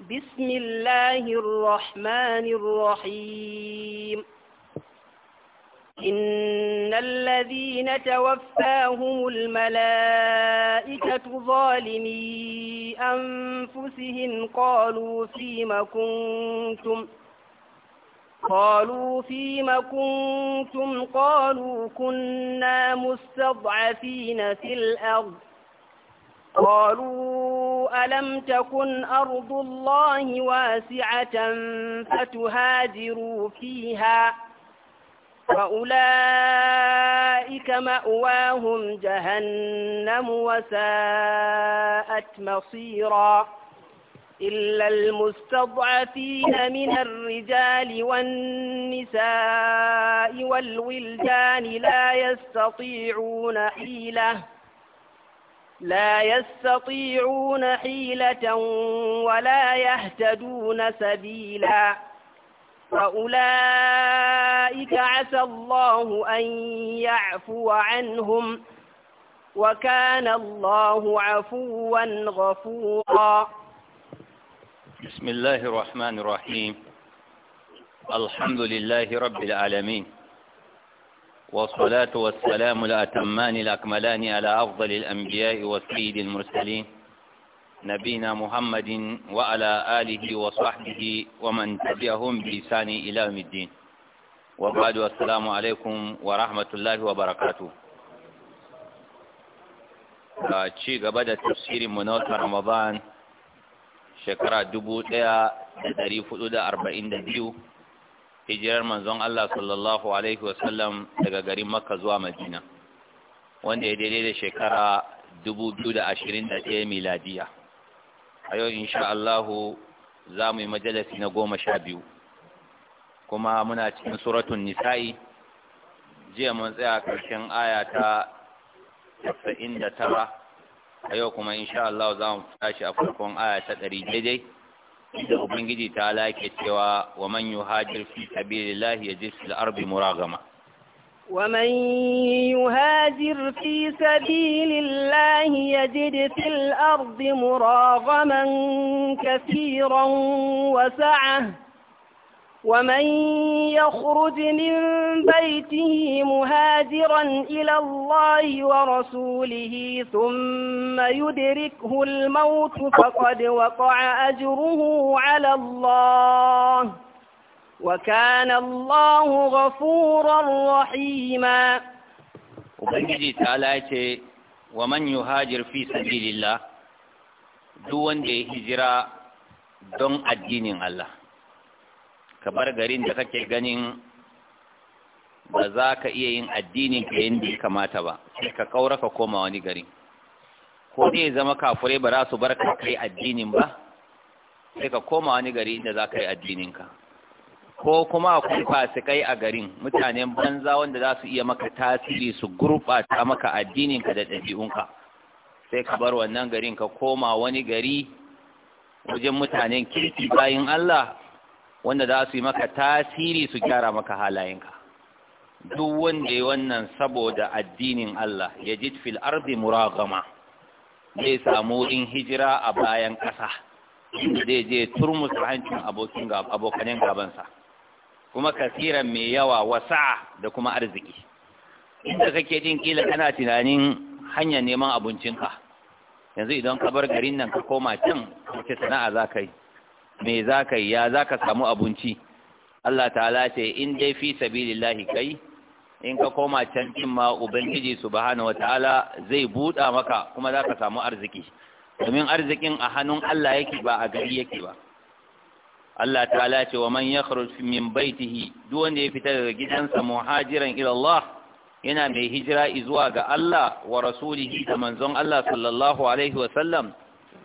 بسم الله الرحمن الرحيم إن الذين توفاهم الملائكة ظالمي أنفسهم قالوا فيم كنتم قالوا فيم كنتم قالوا كنا مستضعفين في الأرض قالوا ألم تكن أرض الله واسعة فتهاجروا فيها فأولئك مأواهم جهنم وساءت مصيرا إلا المستضعفين من الرجال والنساء والولدان لا يستطيعون حيله لا يستطيعون حيلة ولا يهتدون سبيلا فأولئك عسى الله أن يعفو عنهم وكان الله عفوا غفورا بسم الله الرحمن الرحيم الحمد لله رب العالمين والصلاة والسلام الأتمان الأكملان على أفضل الأنبياء والسيد المرسلين نبينا محمد وعلى آله وصحبه ومن تبعهم بإحسان إلى يوم الدين وبعد السلام عليكم ورحمة الله وبركاته ci gaba da tafsirin mu na watan Ramadan shekara دبيو hijirar manzon Allah sallallahu alaihi wasallam daga garin Makka zuwa Madina wanda ya daidai da shekara 2021 miladiya a yau insha Allah za mu yi majalisi na goma sha biyu kuma muna cikin suratun nisa'i jiya mun tsaya karshen aya ta 99 a yau kuma insha Allah za mu tashi a farkon aya ta 100 daidai عند ابنجدي تعالى كتوى ومن يهاجر في سبيل الله يجلس الأرض مراغمة ومن يهاجر في سبيل الله يجد في الأرض مراغما كثيرا وسعه ومن يخرج من بيته مهاجرا إلى الله ورسوله ثم يدركه الموت فقد وقع أجره على الله وكان الله غفورا رحيما وبنجي تعالى ومن يهاجر في سبيل الله دون هجرة دون الدين الله ka bar garin da kake ganin ba za ka iya yin addinin ka yadda ya kamata ba sai ka kaura ka koma wani gari ko ne zama kafurai ba za su bar ka kai addinin ba sai ka koma wani gari inda za ka yi addinin ka ko kuma akwai fasikai a garin mutanen banza wanda za su iya maka tasiri su gurɓata maka addinin ka da ɗabi'unka sai ka bar wannan garin ka koma wani gari wajen mutanen kirki bayin Allah wanda za su yi maka tasiri su gyara maka halayenka duk wanda ya wannan saboda addinin Allah ya ji fil arzi muragama zai samu in hijira a bayan ƙasa zai je turmus hancin abokanin gabansa kuma kasiran mai yawa wasa da kuma arziki inda kake jin kila kana tunanin hanyar neman abincinka yanzu idan ka bar garin nan ka koma can wace sana'a za ka yi me za ka yi ya za ka samu abinci Allah ta'ala ce in dai fi sabilillahi kai in ka koma can din ma ubangiji subhanahu ta'ala zai buɗa maka kuma za ka samu arziki domin arzikin a hannun Allah yake ba a gari yake ba Allah ta'ala ce wa man yakhruj min baitihi duk wanda ya fita daga gidansa muhajiran ila Allah yana mai hijira zuwa ga Allah wa rasulihi da manzon Allah sallallahu alaihi Wasallam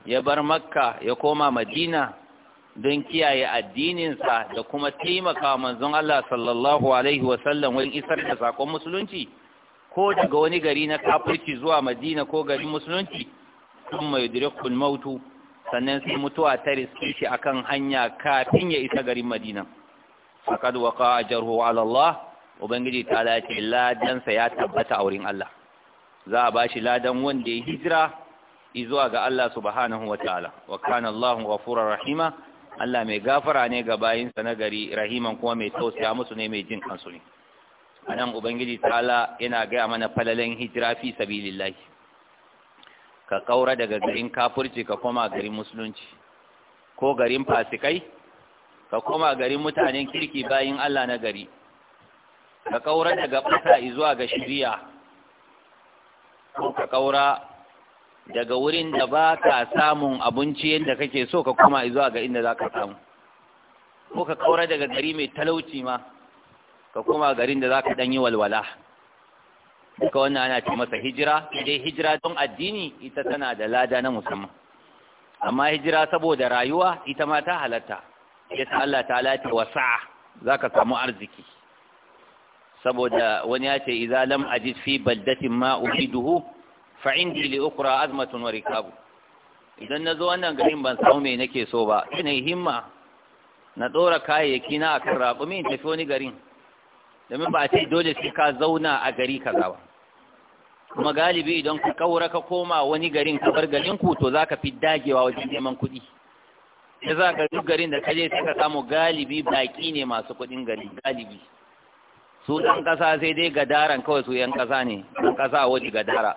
ya bar makka ya koma madina don kiyaye addininsa da kuma taimaka manzon Allah sallallahu alaihi wasallam wurin isar da sakon musulunci ko daga wani gari na kafirci zuwa madina ko garin musulunci sun mai dirikun mautu sannan sai mutuwa ta riske shi akan hanya kafin ya isa garin madina faqad waqa ajruhu ala Allah ubangiji ta lace ladansa ya tabbata a wurin Allah za a shi ladan wanda ya hijira izuwa ga Allah subhanahu ta'ala, wa kana Allahu ghafurur rahima Allah mai gafara ne ga bayinsa na gari rahiman kuma mai tausaya musu ne mai jin kansu ne a nan ubangiji ta'ala yana gaya mana falalen hijira fi sabilillahi ka kaura daga garin kafurci ka koma garin musulunci ko garin fasikai ka koma garin mutanen kirki bayin Allah na gari ka kaura daga fata zuwa ga shiriya ko ka kaura daga wurin da ba ka samun abinci yadda kake so ka koma zuwa ga inda za ka samu ko ka kaura daga gari mai talauci ma ka kuma garin da za ka ɗanyi walwala duka wannan ana ce masa hijira dai hijira don addini ita tana da lada na musamman amma hijira saboda rayuwa ita ma ta halatta yasa Allah ta halatta sa'a? za ka samu arziki saboda wani ya ce iza lam ajid fi baldatin ma duhu. fa'indi li ukra azmatun wa rikabu idan na zo wannan garin ban samu mai nake so ba ina himma na ɗora kayayyaki na a kan raƙumi in tafi wani garin domin ba a ce dole sai ka zauna a gari ka ba kuma galibi idan ka kaura ka koma wani garin ka bar garin ku to zaka fi dagewa wajen neman kuɗi ya za ka duk garin da kaje sai ka samu galibi baki ne masu kuɗin gari galibi su ɗan ƙasa sai dai gadaran kawai su ‘yan ƙasa ne ɗan ƙasa waje gadara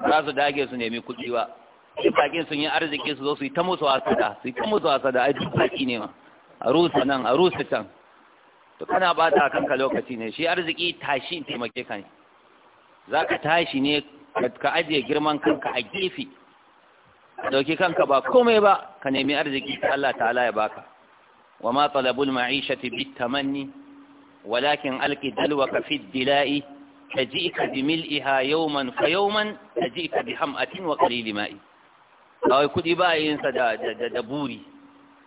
za su dage su nemi kuɗi ba sai bakin sun yi arziki su zo su yi ta musu asada su yi ta musu asada a duk baki ne ma a rusa nan a rusa can to kana bata kanka lokaci ne shi arziki tashi taimake ka ne za ka tashi ne ka ajiye girman kanka a gefe Ɗauki kanka ba komai ba ka nemi arziki ta Allah ta'ala ya baka wa ma talabul ma'ishati bit tamanni walakin alqi dalwa ka fi dila'i تجيئك بملئها يوما فيوما تجيئك بحمأة وقليل ماء kawai kudi ba yin sa da da buri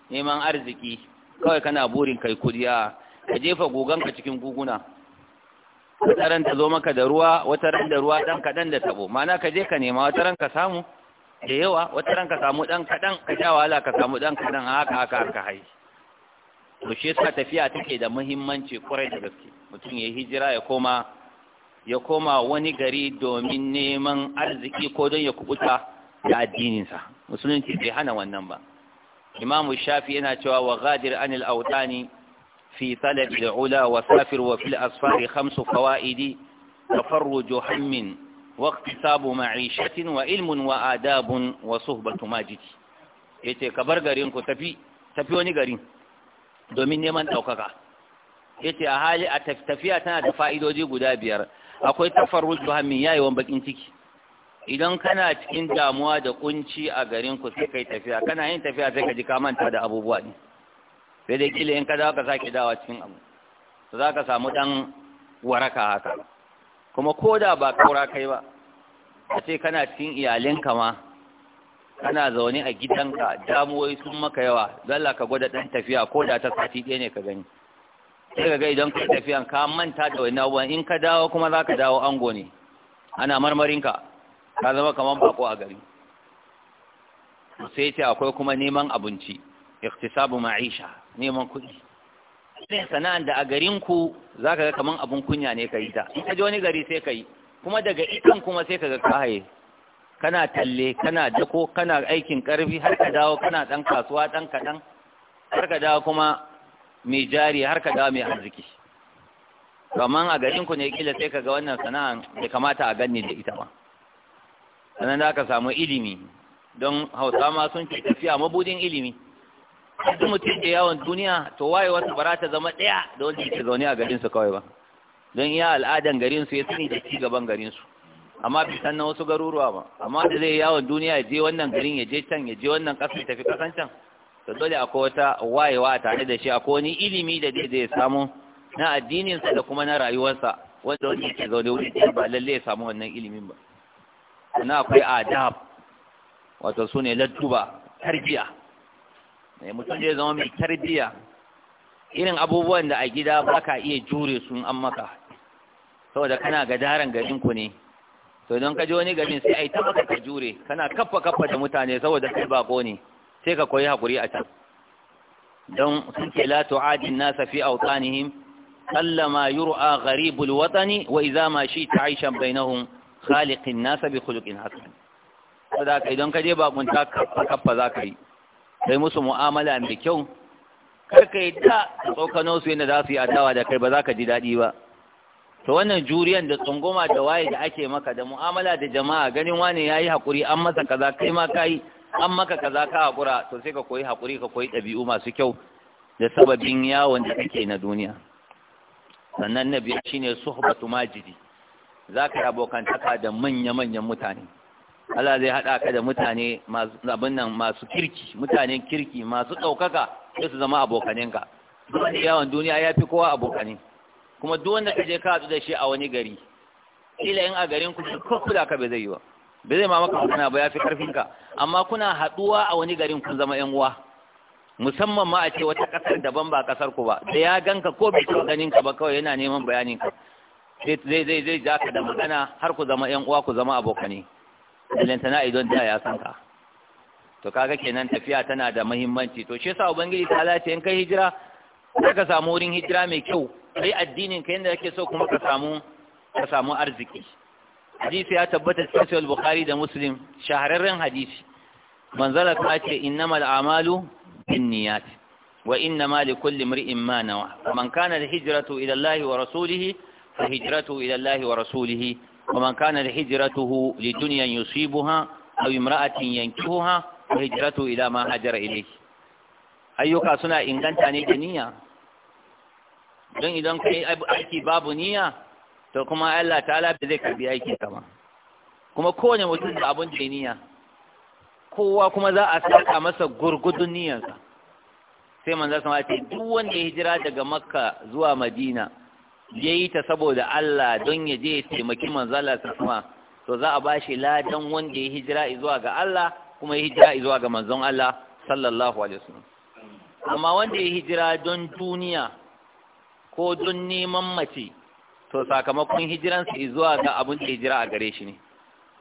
neman arziki kawai kana burin kai kudi a ka jefa goganka cikin guguna wata ran zo maka da ruwa wata ran ruwa dan kadan da tabo ma'ana ka je ka nema wata ran samu da yawa wata ran samu dan kadan ka sha wahala ka samu dan kadan haka haka haka hai to shi yasa tafiya take da mahimmanci kwarai da gaske mutum ya hijira ya koma ya koma wani gari domin neman arziki ko don ya kubuta da addininsa musulunci bai hana wannan ba imamu shafi yana cewa wa gadir anil autani fi da ula wa safir wa fil asfari khamsu fawaidi tafarruju hammin wa sabu ma'ishatin wa ilmun wa adabun wa suhbatu majiki yace ka bar garin ku tafi tafi wani garin domin neman daukaka yace a hali a tafiya tana da fa'idoji guda biyar akwai tafarruj hammin wani bakin ciki idan kana cikin damuwa da kunci a garin ku sai kai tafiya kana yin tafiya sai ka ji ka manta da abubuwa ne sai dai kila in ka za ka sake dawa cikin abu za ka samu dan waraka haka kuma ko da ba kaura kai ba a ce kana cikin iyalinka ma kana zaune a gidanka damuwoyi sun maka yawa zalla ka gwada dan tafiya ko da ta sati ɗaya ne ka gani sai ga idan kai tafiyan ka manta da wani abubuwan in ka dawo kuma za ka dawo ango ne ana marmarinka ka zama kamar bako a gari sai ce akwai kuma neman abinci iktisabu ma'isha neman kuɗi sai sana'an da a garinku za ka ga kamar abin kunya ne ka yi ta in ka ji wani gari sai ka yi kuma daga ikan kuma sai ka ga ka haye kana talle kana dako kana aikin karfi har ka dawo kana ɗan kasuwa ɗan kaɗan har ka dawo kuma mai jari har ka dawo mai arziki kaman a garin ku ne kila sai ka ga wannan sana'an da kamata a ganni da ita ba sannan za ka samu ilimi don hausa ma sun ce tafiya mabudin ilimi duk mutum da yawon duniya to waye wata bara ta zama ɗaya da wanda yake zaune a garinsu kawai ba don iya al'adan garinsu ya sani da ci gaban garinsu amma bai san na wasu garuruwa ba amma da zai yawon duniya ya je wannan garin ya je can ya je wannan ƙasa ya tafi ƙasan can to dole akwai wata wayewa tare da shi akwai wani ilimi da zai zai samu na addininsa da kuma na rayuwarsa wanda wani ke zaune wuri ba lalle ya samu wannan ilimin ba sannan akwai adab wato su ne ladduba tarbiya mai eh, mutum zai zama mai tarbiya irin abubuwan da a gida ba ka iya jure sun an maka saboda kana gadaran ku ne to don ka ji wani garin sai a yi tabbata ka jure kana kafa kafa da mutane saboda kai bako ne sai ka koyi haƙuri a can don sun ce la tu'adin nasa fi awtanihim sallama yur'a gharibul watani wa idza ma shi ta'ishan bainahum khaliqin nasa bi khuluqin hasan saboda kai don ka je babunta kaffa kaffa za ka yi musu mu'amala mai kyau kar ka yi ta tsokano su yadda za su yi adawa da kai ba za ka ji daɗi ba to wannan juriyan da tsunguma da waye da ake maka da mu'amala da jama'a ganin wani ya yi haƙuri an masa kaza kai ma ka an maka kaza ka haƙura to sai ka koyi haƙuri ka koyi ɗabi'u masu kyau da sababin yawon da kake na duniya sannan na biyar shine suhbatu majidi za ka yi abokantaka da manya-manyan mutane Allah zai haɗa ka da mutane abin nan masu kirki mutanen kirki masu ɗaukaka sai su zama abokaninka duk yawon duniya ya fi kowa abokani kuma duk wanda ka je ka haɗu da shi a wani gari kila in a garin ku ko kuda ka bai zai yi ba ba zai ma maka magana ba ya fi ƙarfinka amma kuna haɗuwa a wani garin kun zama ‘yan uwa musamman ma a ce wata ƙasar daban ba ƙasar ku ba da ya ganka ko bai taɓa ganin ba kawai yana neman bayanin ka zai zai zai ja ka da magana har ku zama ‘yan uwa ku zama abokane lantana idan da ya san ka to kaga kenan tafiya tana da muhimmanci to shi yasa ubangiji ta lati in kai hijira ka samu wurin hijira mai kyau kai addinin ka yanda kake so kuma ka samu ka samu arziki hadisi ya tabbata cikin sahih bukhari da muslim shahararren hadisi manzala ta ce innamal a'malu binniyat wa innama likulli imrin ma nawa man kana hijratu ila Allah wa rasulihi fa hijratu ila Allah wa rasulihi wa man kana hijratuhu lidunya yusibuha aw imra'atin yankihuha fa hijratu ila ma hajara ilayhi ayyuka suna inganta ne da niyya don idan kai aiki babu niyya to kuma Allah ta'ala bai zai karbi aikin kama. kuma kowane mutum da abun da niyya kowa kuma za a saka masa gurgudun niyyarsa sai manzo sama ce duk wanda ya hijira daga makka zuwa madina ya yi ta saboda Allah don ya je ya taimaki manzo Allah to za a bashi ladan wanda ya hijira zuwa ga Allah kuma ya hijira zuwa ga manzon Allah sallallahu alaihi wasallam amma wanda ya hijira don duniya ko don neman mace to sakamakon hijiransa zuwa ga abin da hijira a gare shi ne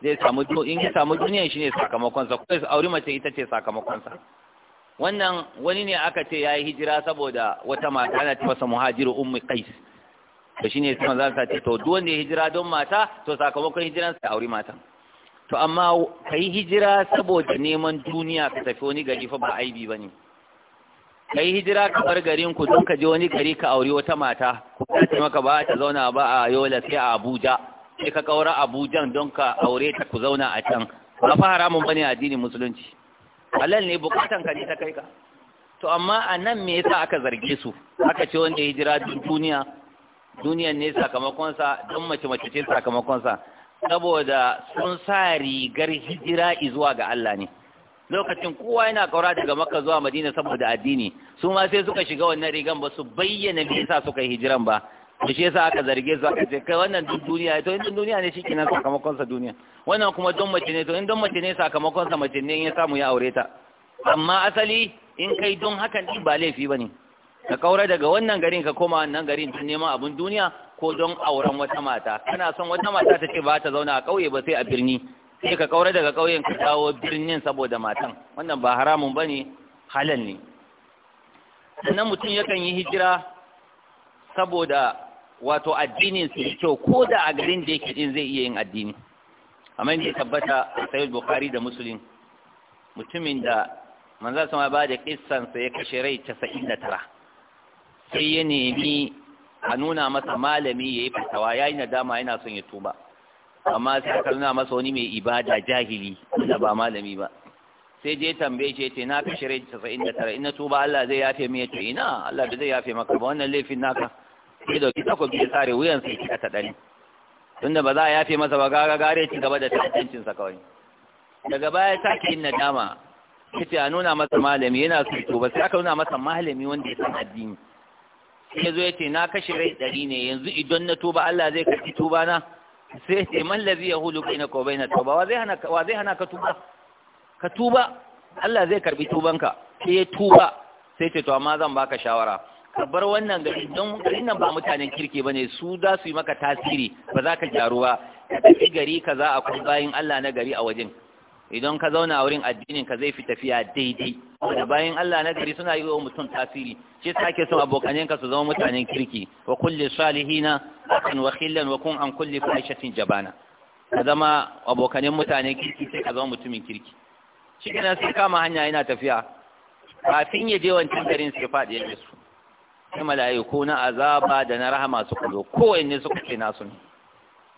zai samu in ya samu duniyan shi ne sakamakonsa kuma su aure mace ita ce sakamakonsa wannan wani ne aka ce ya yi hijira saboda wata mata ana ce masa muhajiru ummi qais to shine sai manzo ta ce to duk wanda ya hijira don mata to sakamakon hijiran sa auri mata to amma kai hijira saboda neman duniya ka tafi wani gari fa ba aibi bane ka yi hijira ka bar garin ku don ka je wani gari ka aure wata mata ku ta maka ba ta zauna ba a yola sai a abuja sai ka kaura abujan don ka aure ta ku zauna a can ba fa haramun bane addinin musulunci halal ne bukatan ka ne ta kai ka to amma a nan me yasa aka zarge su aka ce wanda ya hijira duniya duniyan ne sakamakon sa don mace mace ce sakamakon sa saboda sun sa rigar hijira zuwa ga Allah ne lokacin kowa yana kaura daga makka zuwa madina saboda addini su ma sai suka shiga wannan rigan ba su bayyana me yasa suka yi hijiran ba to shi yasa aka zarge su aka ce kai wannan duk duniya to in duniya ne shi kenan sakamakon sa duniya wannan kuma don mace ne to in don mace ne sakamakon sa mace ne in ya samu ya aure ta amma asali in kai don hakan din ba laifi bane ka kaura daga wannan garin ka koma wannan garin don neman abun duniya ko don auren wata mata kana son wata mata ta ce ba ta zauna a ƙauye ba sai a birni sai ka kaura daga ƙauyen ka dawo birnin saboda matan wannan ba haramun bane halal ne sannan mutum yakan yi hijira saboda wato addinin su yi kyau ko da a garin da yake din zai iya yin addini amma inda tabbata sai bukhari da musulun mutumin da manzo sama ba da kissan sa ya kashe rai tara. sai ya nemi a nuna masa malami ya yayi fatawa yi nadama yana son ya tuba amma sai aka nuna masa wani mai ibada jahili da ba malami ba sai je tambaye shi yace na kashe rai 99 ina tuba Allah zai yafe mu yace ina Allah ba zai yafe maka ba wannan laifin naka sai dauki takobi ya tsare wuyan sai ki ta dani tunda ba za a yafe masa ba gaga gare ci gaba da tantancin sa kawai daga baya ki yin nadama kace a nuna masa malami yana so tuba sai aka nuna masa malami wanda ya san addini sai zo yace na kashe rai dari ne yanzu idan na tuba Allah zai karbi tuba na sai ce man lazi ya hulu bai na ko bai na tauba wa zai hana ka tuba ka tuba Allah zai karbi tubanka sai tuba sai ce to amma zan baka shawara ka bar wannan gari don garin nan ba mutanen kirki bane ne su za su yi maka tasiri ba za ka gyaru ba ka tafi gari kaza akwai bayin Allah na gari a wajen idan ka zauna a wurin addinin ka zai fi tafiya daidai wanda bayan Allah na gari suna yi wa mutum tasiri shi sake son abokanen ka su zama mutanen kirki wa kulli salihina akan wa khillan wa kun an kulli jabana ka zama abokanen mutanen kirki sai ka zama mutumin kirki shi kenan sai kama hanya yana tafiya kafin ya je wancan garin sai faɗi ya su sai mala'iku na azaba da na rahama su kullo kowanne suka ce nasu ne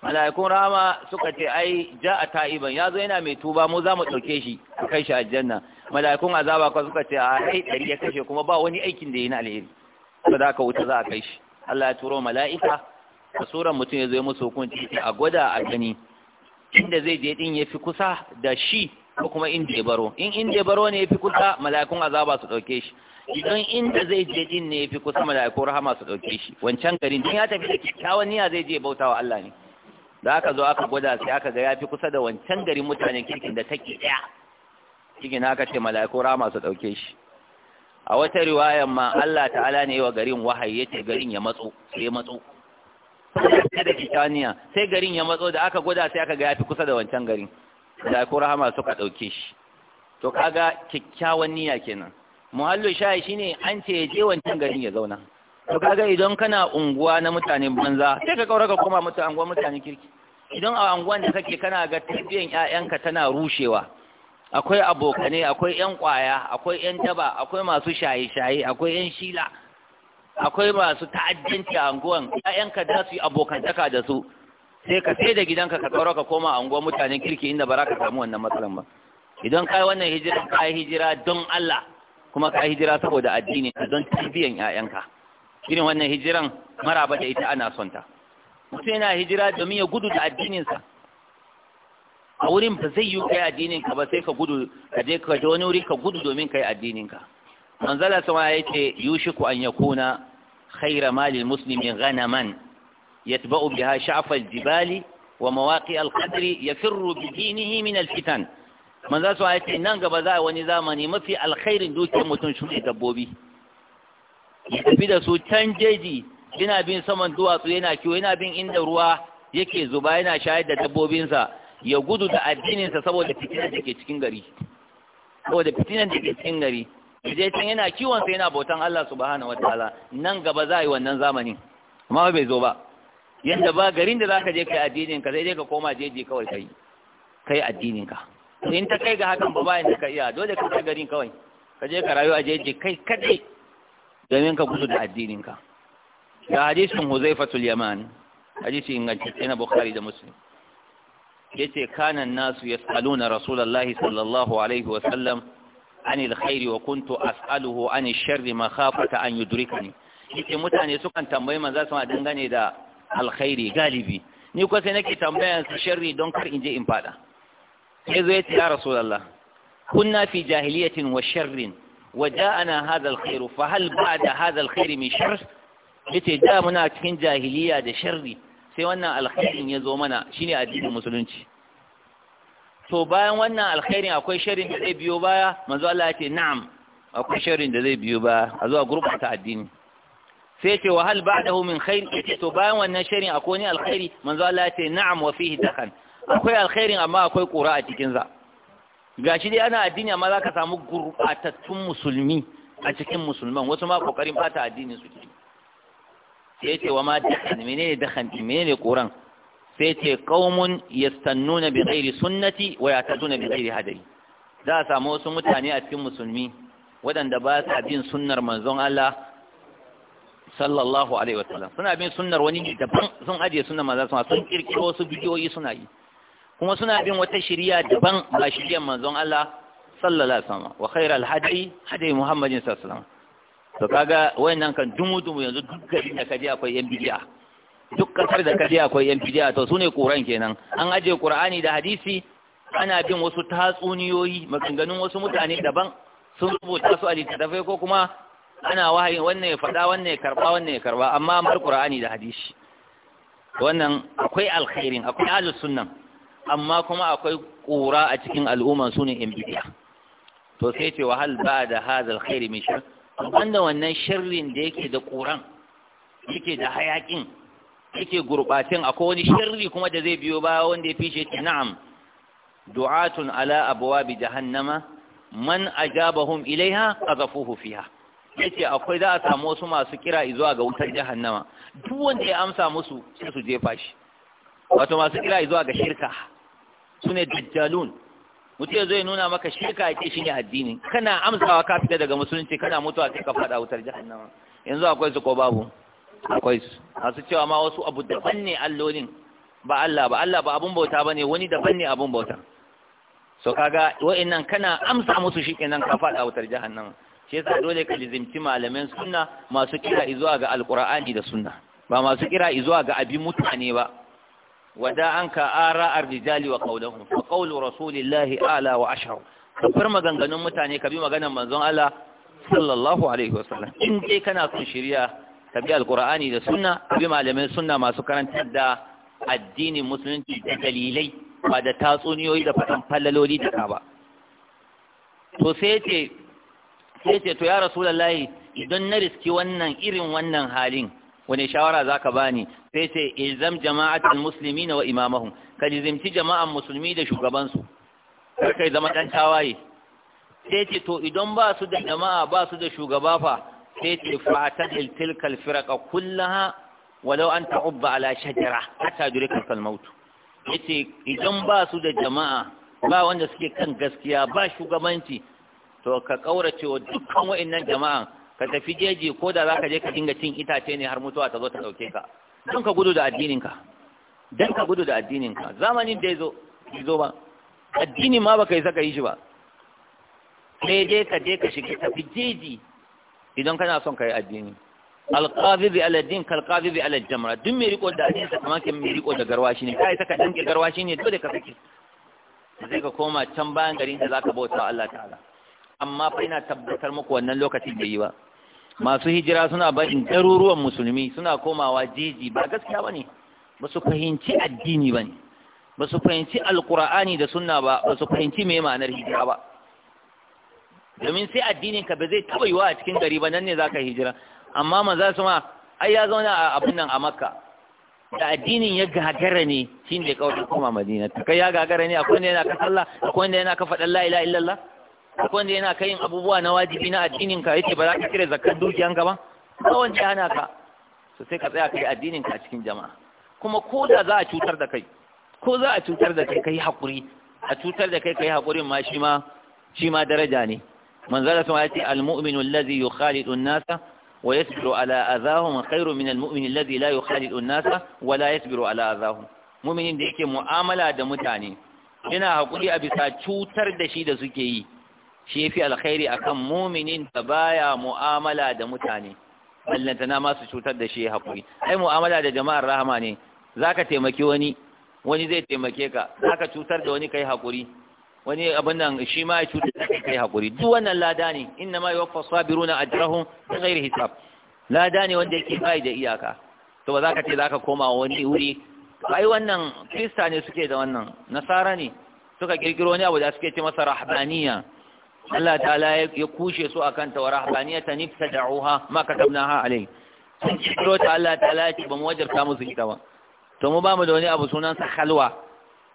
mala'ikun rama suka ce ai a ta'iban ya zo yana mai tuba mu za mu ɗauke shi kai shi aljanna mala'ikun azaba ko suka ce a ai ɗari ya kashe kuma ba wani aikin da yana alheri za ka wuce za a kai shi Allah ya turo mala'ika a suran mutum ya zo musu hukunci a gwada a gani inda zai je din fi kusa da shi ko kuma inda ya baro in inda ya baro ne ya fi kusa mala'ikun azaba su ɗauke shi idan inda zai je din ne ya fi kusa mala'ikun rahama su ɗauke shi wancan garin din ya tafi da kyakkyawan niyya zai je bautawa Allah ne da aka zo aka gwada sai aka ga ya fi kusa da wancan garin mutanen kirkin da take ɗaya na aka ce mala'iku rama su ɗauke shi a wata riwayan ma Allah ta'ala ne wa garin wahayi yace garin ya matso sai matso da kitaniya sai garin ya matso da aka gwada sai aka ga yafi kusa da wancan garin da ko rahama suka dauke shi to kaga kikkiawan niyya kenan muhallu shayi shine an ce je wancan garin ya zauna to kaga idan kana unguwa na mutanen banza sai ka kaura ka koma mutu unguwa mutane kirki idan a unguwan da kake kana ga tarbiyyar ƴaƴanka tana rushewa akwai abokane akwai ƴan ƙwaya akwai ƴan daba akwai masu shaye-shaye akwai ƴan shila akwai masu ta'addanci a unguwan ƴaƴanka za su abokantaka da su sai ka sai da gidanka ka kaura ka koma unguwan mutanen kirki inda ba za ka samu wannan matsalan ba idan kai wannan hijira kai hijira don Allah kuma kai hijira saboda addini don tarbiyyar ƴaƴanka irin wannan hijiran maraba da ita ana sonta. mutum yana hijira domin ya gudu da addininsa a wurin ba zai yi kai addininka ba sai ka gudu ka je ka wani wuri ka gudu domin kai addininka manzala sama ya ce ku an kuna khaira gana man ya yatba'u ubi ha sha'afar jibali wa mawaƙi al ya yafirru bi dinihi min alfitan manzala sama ya ce nan gaba za a wani zamani mafi alkhairin dukiyar mutum shuɗe dabbobi ya tafi da su can jeji yana bin saman duwatsu yana kiwo yana bin inda ruwa yake zuba yana shayar da dabbobinsa ya gudu da addininsa saboda fitinan da ke cikin gari saboda fitinan da ke cikin gari je can yana kiwonsa yana bautan Allah subhanahu wataala nan gaba za a yi wannan zamanin amma bai zo ba yadda ba garin da zaka je kai addinin ka sai dai ka koma jeji kawai kai kai addininka. in ta kai ga hakan ba bayan da ka iya dole ka kai garin kawai ka je ka rayu a jeji kai kadai domin ka gudu da addininka da hadisin huzaifatul yaman hadisi ingantacce na bukhari da muslim yace kana nasu yasaluna rasulallahi sallallahu alaihi wa sallam anil wa kuntu as'aluhu anil sharri makhafata an yudrikani yace mutane sukan tambayi manzo sama dangane da alkhairi galibi ni ko sai nake tambayan su sharri don kar in je in fada sai zo yace ya rasulullah kunna fi jahiliyatin wa sharrin وجاءنا هذا الخير فهل بعد هذا الخير من شر yace da muna cikin jahiliya da sharri sai wannan alkhairin ya zo mana shine addinin musulunci to bayan wannan alkhairin akwai sharrin da zai biyo baya manzo Allah ya ce na'am akwai sharrin da zai biyo baya a zuwa gurbata addini sai ce wa hal ba'dahu min khair to bayan wannan sharrin akwai ne alkhairi manzo Allah ya ce na'am wa fihi dakhan akwai alkhairin amma akwai qura a cikin sa gashi dai ana addini amma za ka samu gurɓatattun musulmi a cikin musulman wasu ma kokarin bata addinin su sai ce wa ma dakan menene dakan menene koran sai ce qaumun yastannuna bi ghairi sunnati wa yataduna bi ghairi hadayi za a samu wasu mutane a cikin musulmi waɗanda ba sa bin sunnar manzon Allah sallallahu alaihi wasallam suna bin sunnar wani daban sun aje sunnar manzon sun kirkiro wasu bidiyoyi suna yi kuma suna bin wata shiriya daban ba shiriyar manzon Allah sallallahu alaihi wasallam wa khairal hadi hadi Muhammadin sallallahu alaihi wasallam to kaga wayannan kan dumu dumu yanzu duk garin da kaje akwai yan bid'a duk kasar da kaje akwai yan bid'a to sune Qur'an kenan an aje Qur'ani da hadisi ana bin wasu tatsuniyoyi maganganun wasu mutane daban sun rubuta su a littattafai ko kuma ana wahayi wannan ya faɗa wannan ya karɓa wannan ya karɓa amma mar Qur'ani da hadisi wannan akwai alkhairin akwai ahlus amma kuma akwai ƙura a cikin al'umma su ne imbiya to sai ce wahal ba da hazal khairi min shar wanda wannan sharrin da yake da ƙuran yake da hayakin yake gurbatin akwai wani shirri kuma da zai biyo ba wanda ya fishe ce na'am du'atun ala abwabi jahannama man ajabahum ilaiha qazafuhu fiha yace akwai za a samu wasu masu kira zuwa ga wutar jahannama duk wanda ya amsa musu sai su jefa shi wato masu kira zuwa ga shirka su ne dajjalun mutum ya nuna maka shirka ya ce shi ne addini kana amsawa ka fita daga musulunci kana mutuwa sai ka faɗa wutar jahannama yanzu akwai su ko babu akwai su masu cewa ma wasu abu daban ne allolin ba Allah ba Allah ba abun bauta ba ne wani daban ne abun bauta so kaga wa'annan kana amsa musu kenan ka faɗa wutar jahannama shi yasa dole ka lizimci malaman sunna masu kira zuwa ga alqur'ani da sunna ba masu kira zuwa ga abin mutane ba wada an ka ara arrijali wa qaulahum fa qawlu rasulillahi ala wa ashar ka far maganganun mutane ka bi maganan manzon Allah sallallahu alaihi wasallam in dai kana son shari'a ka bi alqur'ani da sunna ka bi malamin sunna masu karantar da addinin musulunci da dalilai ba da tatsuniyoyi da fatan fallaloli da ka ba to sai ce sai ce to ya rasulullahi idan na riski wannan irin wannan halin wani shawara zaka bani sai ce izam jama'atul muslimin wa imamahum ka jizimci jama'an musulmi da shugabansu kai zama dan tawaye sai ce to idan ba su da jama'a ba su da shugaba fa sai ce fatadil tilkal firqa kullaha walau an ta'ubba ala shajara hatta durika al maut yace idan ba su da jama'a ba wanda suke kan gaskiya ba shugabanci to ka kaurace wa dukkan wa'annan jama'an ka tafi jeji ko da zaka je ka dinga cin itace ne har mutuwa ta zo ta dauke ka don ka gudu da addininka don ka gudu da addininka zamanin da ya zo ba addini ma baka yi saka yi shi ba sai dai ka je ka shiga tafi jeji idan kana son ka yi addini alqabibi aladdin kalqabibi jamra duk mai riko da addini kamar kin mai riko da garwashi ne kai saka danke garwashi ne dole ka saki Zai ka koma can bayan garin da za ka bauta Allah ta'ala amma fa ina tabbatar muku wannan lokacin da yi ba masu hijira suna bayan ɗaruruwan musulmi suna komawa jeji ba gaskiya ba ne ba su fahimci addini ba ne ba su fahimci alkur'ani da suna ba ba su fahimci mai ma'anar hijira ba domin sai addinin ka ba zai taɓa yiwa a cikin gari ba nan ne za ka hijira amma maza su ma ai ya zauna a abin nan a makka da addinin ya gagara ne shi ne kawai koma madina ta kai ya gagara ne akwai wanda yana ka sallah akwai wanda yana ka faɗan la illallah akwai wanda yana kayin abubuwa na wajibi na addinin ka yace ba za ka cire zakar dukiyan ka ba ba wanda ya hana ka so sai ka tsaya kai addinin ka a cikin jama'a kuma ko da za a cutar da kai ko za a cutar da kai kai hakuri a cutar da kai kai hakurin ma shi ma shi ma daraja ne manzala sun yace almu'minu allazi yukhalidu an-nasa wa yasbiru ala adahum khairu min almu'min allazi la yukhalidu an-nasa wa la yasbiru ala adahum mu'minin da yake mu'amala da mutane yana hakuri a bisa cutar da shi da suke yi shi fi alkhairi akan muminin da baya mu'amala da mutane ballantana na masu cutar da shi ya haƙuri ai mu'amala da jama'ar rahama ne zaka taimaki wani wani zai taimake ka zaka cutar da wani kai haƙuri wani abin nan shi ma ya cutar da kai haƙuri duk wannan lada ne inna ma yuwaffa sabiruna ajrahum bighairi hisab lada ne wanda yake bai da iyaka to ba zaka ce zaka koma wani wuri ai wannan krista ne suke da wannan nasara ne suka kirkiro wani abu da suke ce masa rahmaniya Allah ta'ala ya kushe su akan ta wa rahbaniyatan ibtada'uha ma katabnaha alai. sun kiro ta Allah ta'ala ya ce ba mu wajabta musu ita ba to mu bamu da wani abu sunan sa halwa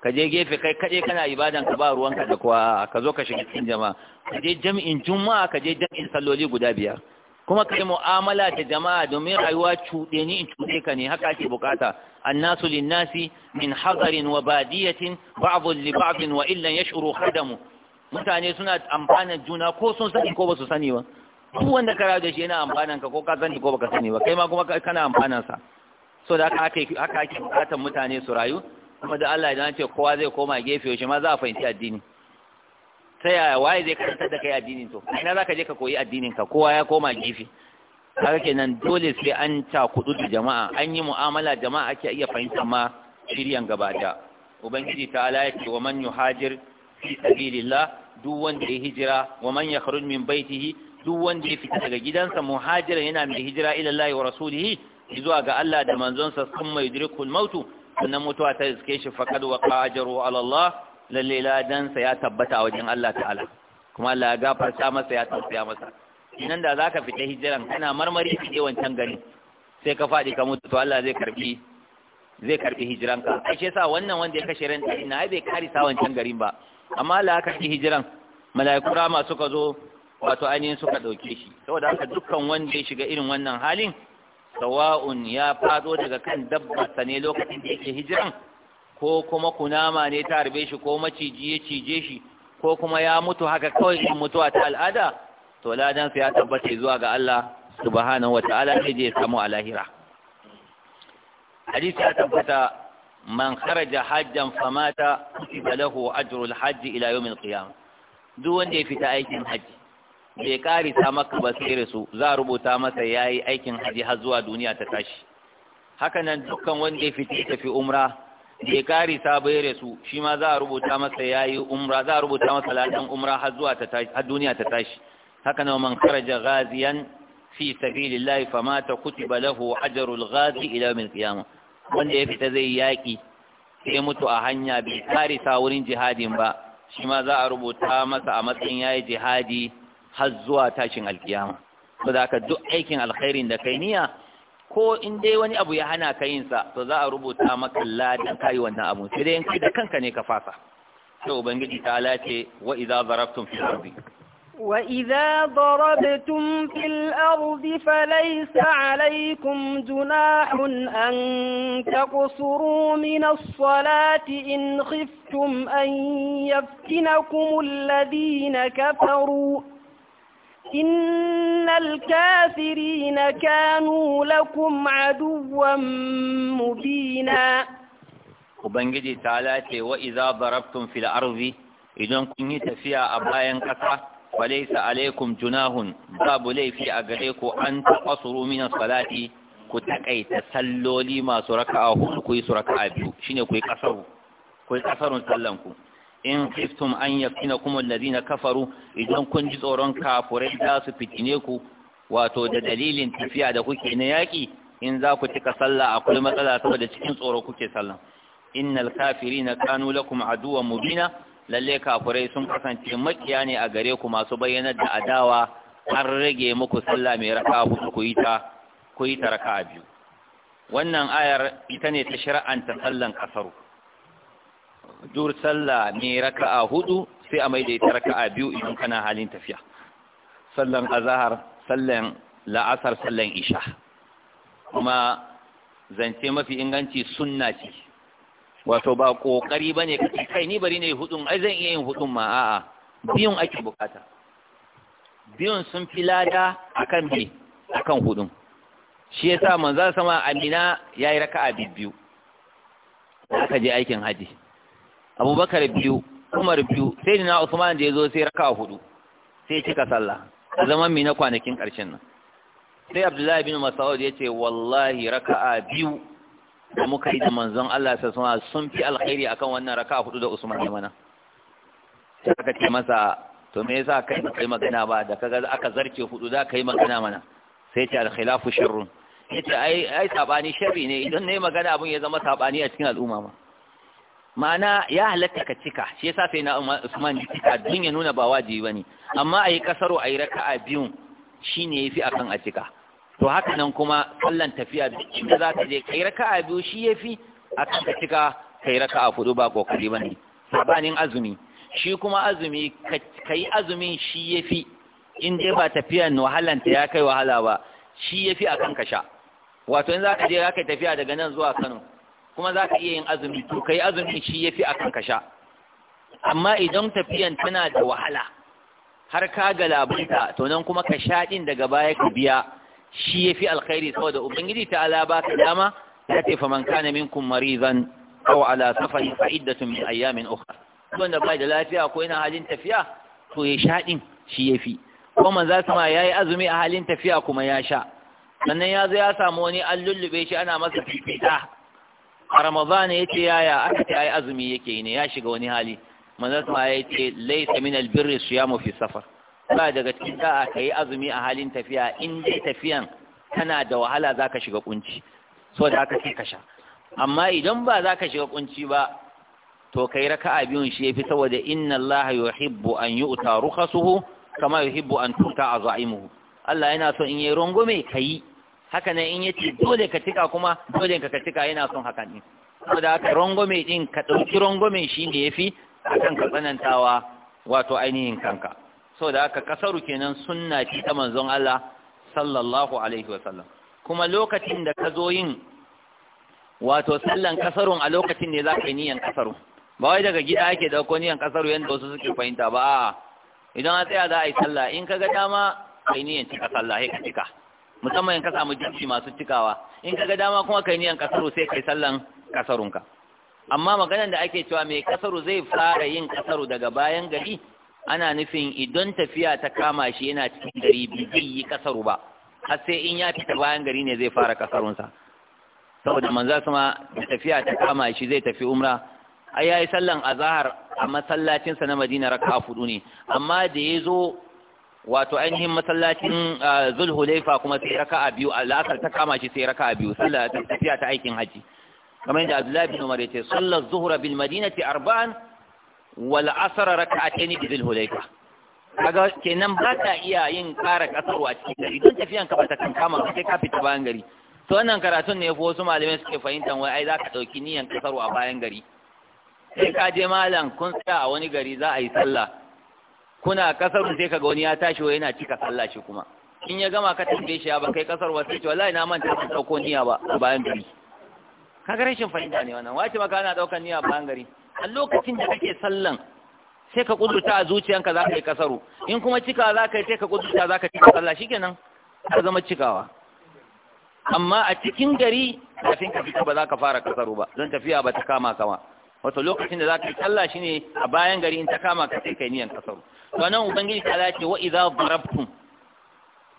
ka je gefe kai kaje kana ibadan ka ba ruwanka da kuwa, ka zo ka shiga cikin jama'a ka je jami'in juma'a ka je jami'in salloli guda biyar kuma kai mu'amala ta jama'a domin rayuwa cuɗe ni in cuɗe ka ne haka ake bukata annasu linnasi min hadarin wa badiyatin ba'dhu li ba'dhin wa illan yash'uru khadamu mutane suna amfanan juna ko sun sani ko ba su sani ba duk wanda ka rayu da shi yana amfanan ka ko ka sani ko baka sani ba kai ma kuma kana amfanan sa so da haka ake haka ake bukatar mutane su rayu kuma da Allah idan ce kowa zai koma gefe shi ma za a fahimci addini ta yaya waye zai karantar da kai addinin to ina zaka je ka koyi addinin ka kowa ya koma gefe haka kenan dole sai an kudu da jama'a an yi mu'amala jama'a ake iya fahimtar ma shiryan gaba da ubangiji ta ala ya ce wa man yuhajir fi sabilillah duk wanda ya hijira wa man yakhruj min baitihi duk wanda ya fita daga gidansa muhajira yana mai hijira ila Allah wa rasulihi zuwa ga Allah da manzonsa sun mai dirikul mautu sannan mutuwa ta iske shi faqad wa qajaru ala Allah lalle ladansa ya tabbata a wajen Allah ta'ala kuma Allah ya gafarta masa ya tausaya masa nan da zaka fita hijiran kana marmari ka je wancan gari sai ka fadi ka mutu to Allah zai karbi zai karbi hijiranka ai shi wannan wanda ya kashe ran na ai bai karisa wancan garin ba amma la hijiran mala'iku rama suka zo wato ainihin suka ɗauke shi saboda haka dukkan wanda ya shiga irin wannan halin sawa'un ya fado daga kan dabbarsa ne lokacin da yake hijiran ko kuma kunama ne ta harbe shi ko maciji ya cije shi ko kuma ya mutu haka kawai in mutuwa ta al'ada to ladansa ya tabbata zuwa ga Allah subhanahu wata'ala sai je samu a lahira hadisi ya tabbata man kharaja hajjan famata kutiba lahu ajrul Hajji, ila yawmil qiyamah duk wanda ya fita aikin haji bai kari karisa maka ba sai rasu za rubuta masa yayi aikin haji har zuwa duniya ta tashi haka nan dukkan wanda ya fita tafi umra bai kari ba ya rasu shi ma za rubuta masa yayi umra za rubuta masa ladan umra har zuwa ta tashi har duniya ta tashi haka nan man kharaja ghaziyan fi sabilillahi famata kutiba lahu ajrul ghazi ila yawmil qiyamah wanda ya fita zai yaƙi sai mutu a hanya bai karisa wurin jihadin ba shi ma za a rubuta masa a matsayin yayi jihadi har zuwa tashin alkiyama to da ka duk aikin alkhairin da kai niyya ko in dai wani abu ya hana ka yin sa to za a rubuta maka ladan kai wannan abu sai dai in kai da kanka ne ka fasa to ubangiji ta ce wa idza zarabtum fi ardi وإذا ضربتم في الأرض فليس عليكم جناح أن تقصروا من الصلاة إن خفتم أن يفتنكم الذين كفروا إن الكافرين كانوا لكم عدوا مبينا وبنجد تعالى وإذا ضربتم في الأرض إذن كنت فيها أبايا كثرة falaisa alaikum junahun babu laifi a gare ku an taqasuru mina salati ku takaita salloli masu raka'a hudu ku yi su a biyu shine ku yi kasaru ku yi in khiftum an yaftinakum alladhina kafaru idan kun ji tsoron kafurai za su fitine ku wato da dalilin tafiya da kuke na yaki in za ku cika sallah akwai matsala saboda cikin tsoro kuke sallah innal kafirina kanu lakum aduwwan mubina lalle kafurai sun kasance makiya ne a gare ku masu bayyanar da adawa har rage muku sallah mai raka hudu ku yi ta ku yi ta raka biyu wannan ayar ita ne ta shari'anta sallan kasaru dur sallah mai raka'a hudu sai a maida ita raka'a biyu idan kana halin tafiya sallan azahar sallan la'asar sallan isha kuma zance mafi inganci sunna ce wato ba kokari bane kai kai ni bari ne hudun ai zan iya yin hudun ma a'a biyun ake bukata biyun sun fi lada akan bi akan hudun shi yasa manzo sama amina yayi raka'a biyu aka je aikin haji abubakar biyu umar biyu sai na usman da yazo sai raka'a hudu sai cika sallah zaman mi na kwanakin karshen nan sai abdullahi bin mas'ud yace wallahi raka'a biyu da muka yi da manzon Allah sa suna sun fi alkhairi akan wannan raka hudu da Usman ya mana sai aka ce masa to me yasa kai ba kai magana ba da kaga aka zarce hudu za kai magana mana sai ce al-khilafu Ya ce ai ai sabani sharri ne idan yi magana abun ya zama sabani a cikin al'umma ma ma'ana ya halatta ka cika shi yasa sai na Usman ya cika dun ya nuna ba wajibi bane amma ayi kasaro ayi raka'a biyun shine yafi akan a cika to haka nan kuma sallan tafiya inda za ka je kai raka'a biyu shi ya fi a kan ka cika kai raka'a hudu ba kokari ba ne sabanin azumi shi kuma azumi ka yi azumin shi ya fi in dai ba tafiyan wahalanta ya kai wahala ba shi ya fi a kan ka sha wato in za ka je ya ka tafiya daga nan zuwa kano kuma za ka iya yin azumi to ka yi azumin shi ya fi a kan ka sha amma idan tafiyan tana da wahala har ka galabaita to nan kuma ka sha ɗin daga baya ka biya shi fi alkhairi saboda ubangiji ta alaba baka dama ya ce faman kane minkum maridan aw ala safari fa iddatun min ayamin ukhra wanda bai da lafiya ko yana halin tafiya to ya sha din shi yafi ko ma ya yayi azumi a halin tafiya kuma ya sha sannan ya zo ya samu wani an lullube shi ana masa fifita a ramadana ya ce yaya aka ce ai azumi yake ne ya shiga wani hali manzan ma ya ce laisa min albirri su ya mafi safar ba daga cikin da'a ka yi azumi a halin tafiya in dai tafiyan tana da wahala za ka shiga kunci so da aka sai ka amma idan ba za ka shiga kunci ba to kai raka'a biyun shi yafi saboda inna allaha yuhibbu an yu'ta rukhasuhu kama yuhibbu an tuta azaimuhu Allah yana son in yi rungume ka haka ne in yace dole ka tika kuma dole ka ka tika yana son haka ne saboda haka rungume din ka dauki rungume shi ne yafi akan ka tsanantawa wato ainihin kanka da aka kasaru kenan sunna ci ta manzon Allah sallallahu alaihi wasallam kuma lokacin da ka zo yin wato sallan kasarun a lokacin ne za ka yi niyan kasaru ba wai daga gida ake dauko niyan kasaru yadda wasu suke fahimta ba idan an tsaya za a yi sallah in ka ga dama kai niyan cika sallah sai ka cika musamman in ka samu jinci masu cikawa in ka ga dama kuma kai niyan kasaru sai kai sallan kasarunka amma maganar da ake cewa mai kasaru zai fara yin kasaru daga bayan gari ana nufin idan tafiya ta kama shi yana cikin gari bai zai yi kasaru ba har sai in ya fita bayan gari ne zai fara kasarunsa saboda manza sama da tafiya ta kama shi zai tafi umra ai yayi sallan azhar a masallacinsa na Madina raka'a fudu ne amma da ya zo wato ainihin masallacin Zulhulaifa kuma sai raka'a biyu al'asar ta kama shi sai raka'a biyu sallah tafiya ta aikin haji kamar yadda Abdullahi bin Umar ya ce sallar zuhra bil madinati arba'an wal asr rak'atayn bi dhil hulayfa kaga kenan ba ta iya yin ƙara a cikin gari don tafiyan ka ba ta kankama ba sai ka fita bayan gari to wannan karatun ne fa wasu malamai suke fahimtar wai ai za ka ɗauki niyan kasarwa a bayan gari sai ka je malam kun tsaya a wani gari za a yi sallah kuna kasarun sai kaga wani ya tashi wai yana cika sallah shi kuma in ya gama ka tafi shi ya ba kai kasar wasu ce wallahi na manta ka dauko niyya ba bayan gari kaga rashin fahimta ne wannan wace maka ana daukan niyya a bayan gari a lokacin da kake sallan sai ka kudurta a zuciyanka za ka yi kasaru in kuma cikawa za ka yi sai ka kudurta za ka cika sallah shikenan ka zama cikawa amma a cikin gari kafin ka fita ba za ka fara kasaru ba don tafiya ba ta kama kama wato lokacin da za ka yi sallah ne a bayan gari in ta kama ka sai kai niyan kasaru to nan ubangiji ta ce wa idza darabtum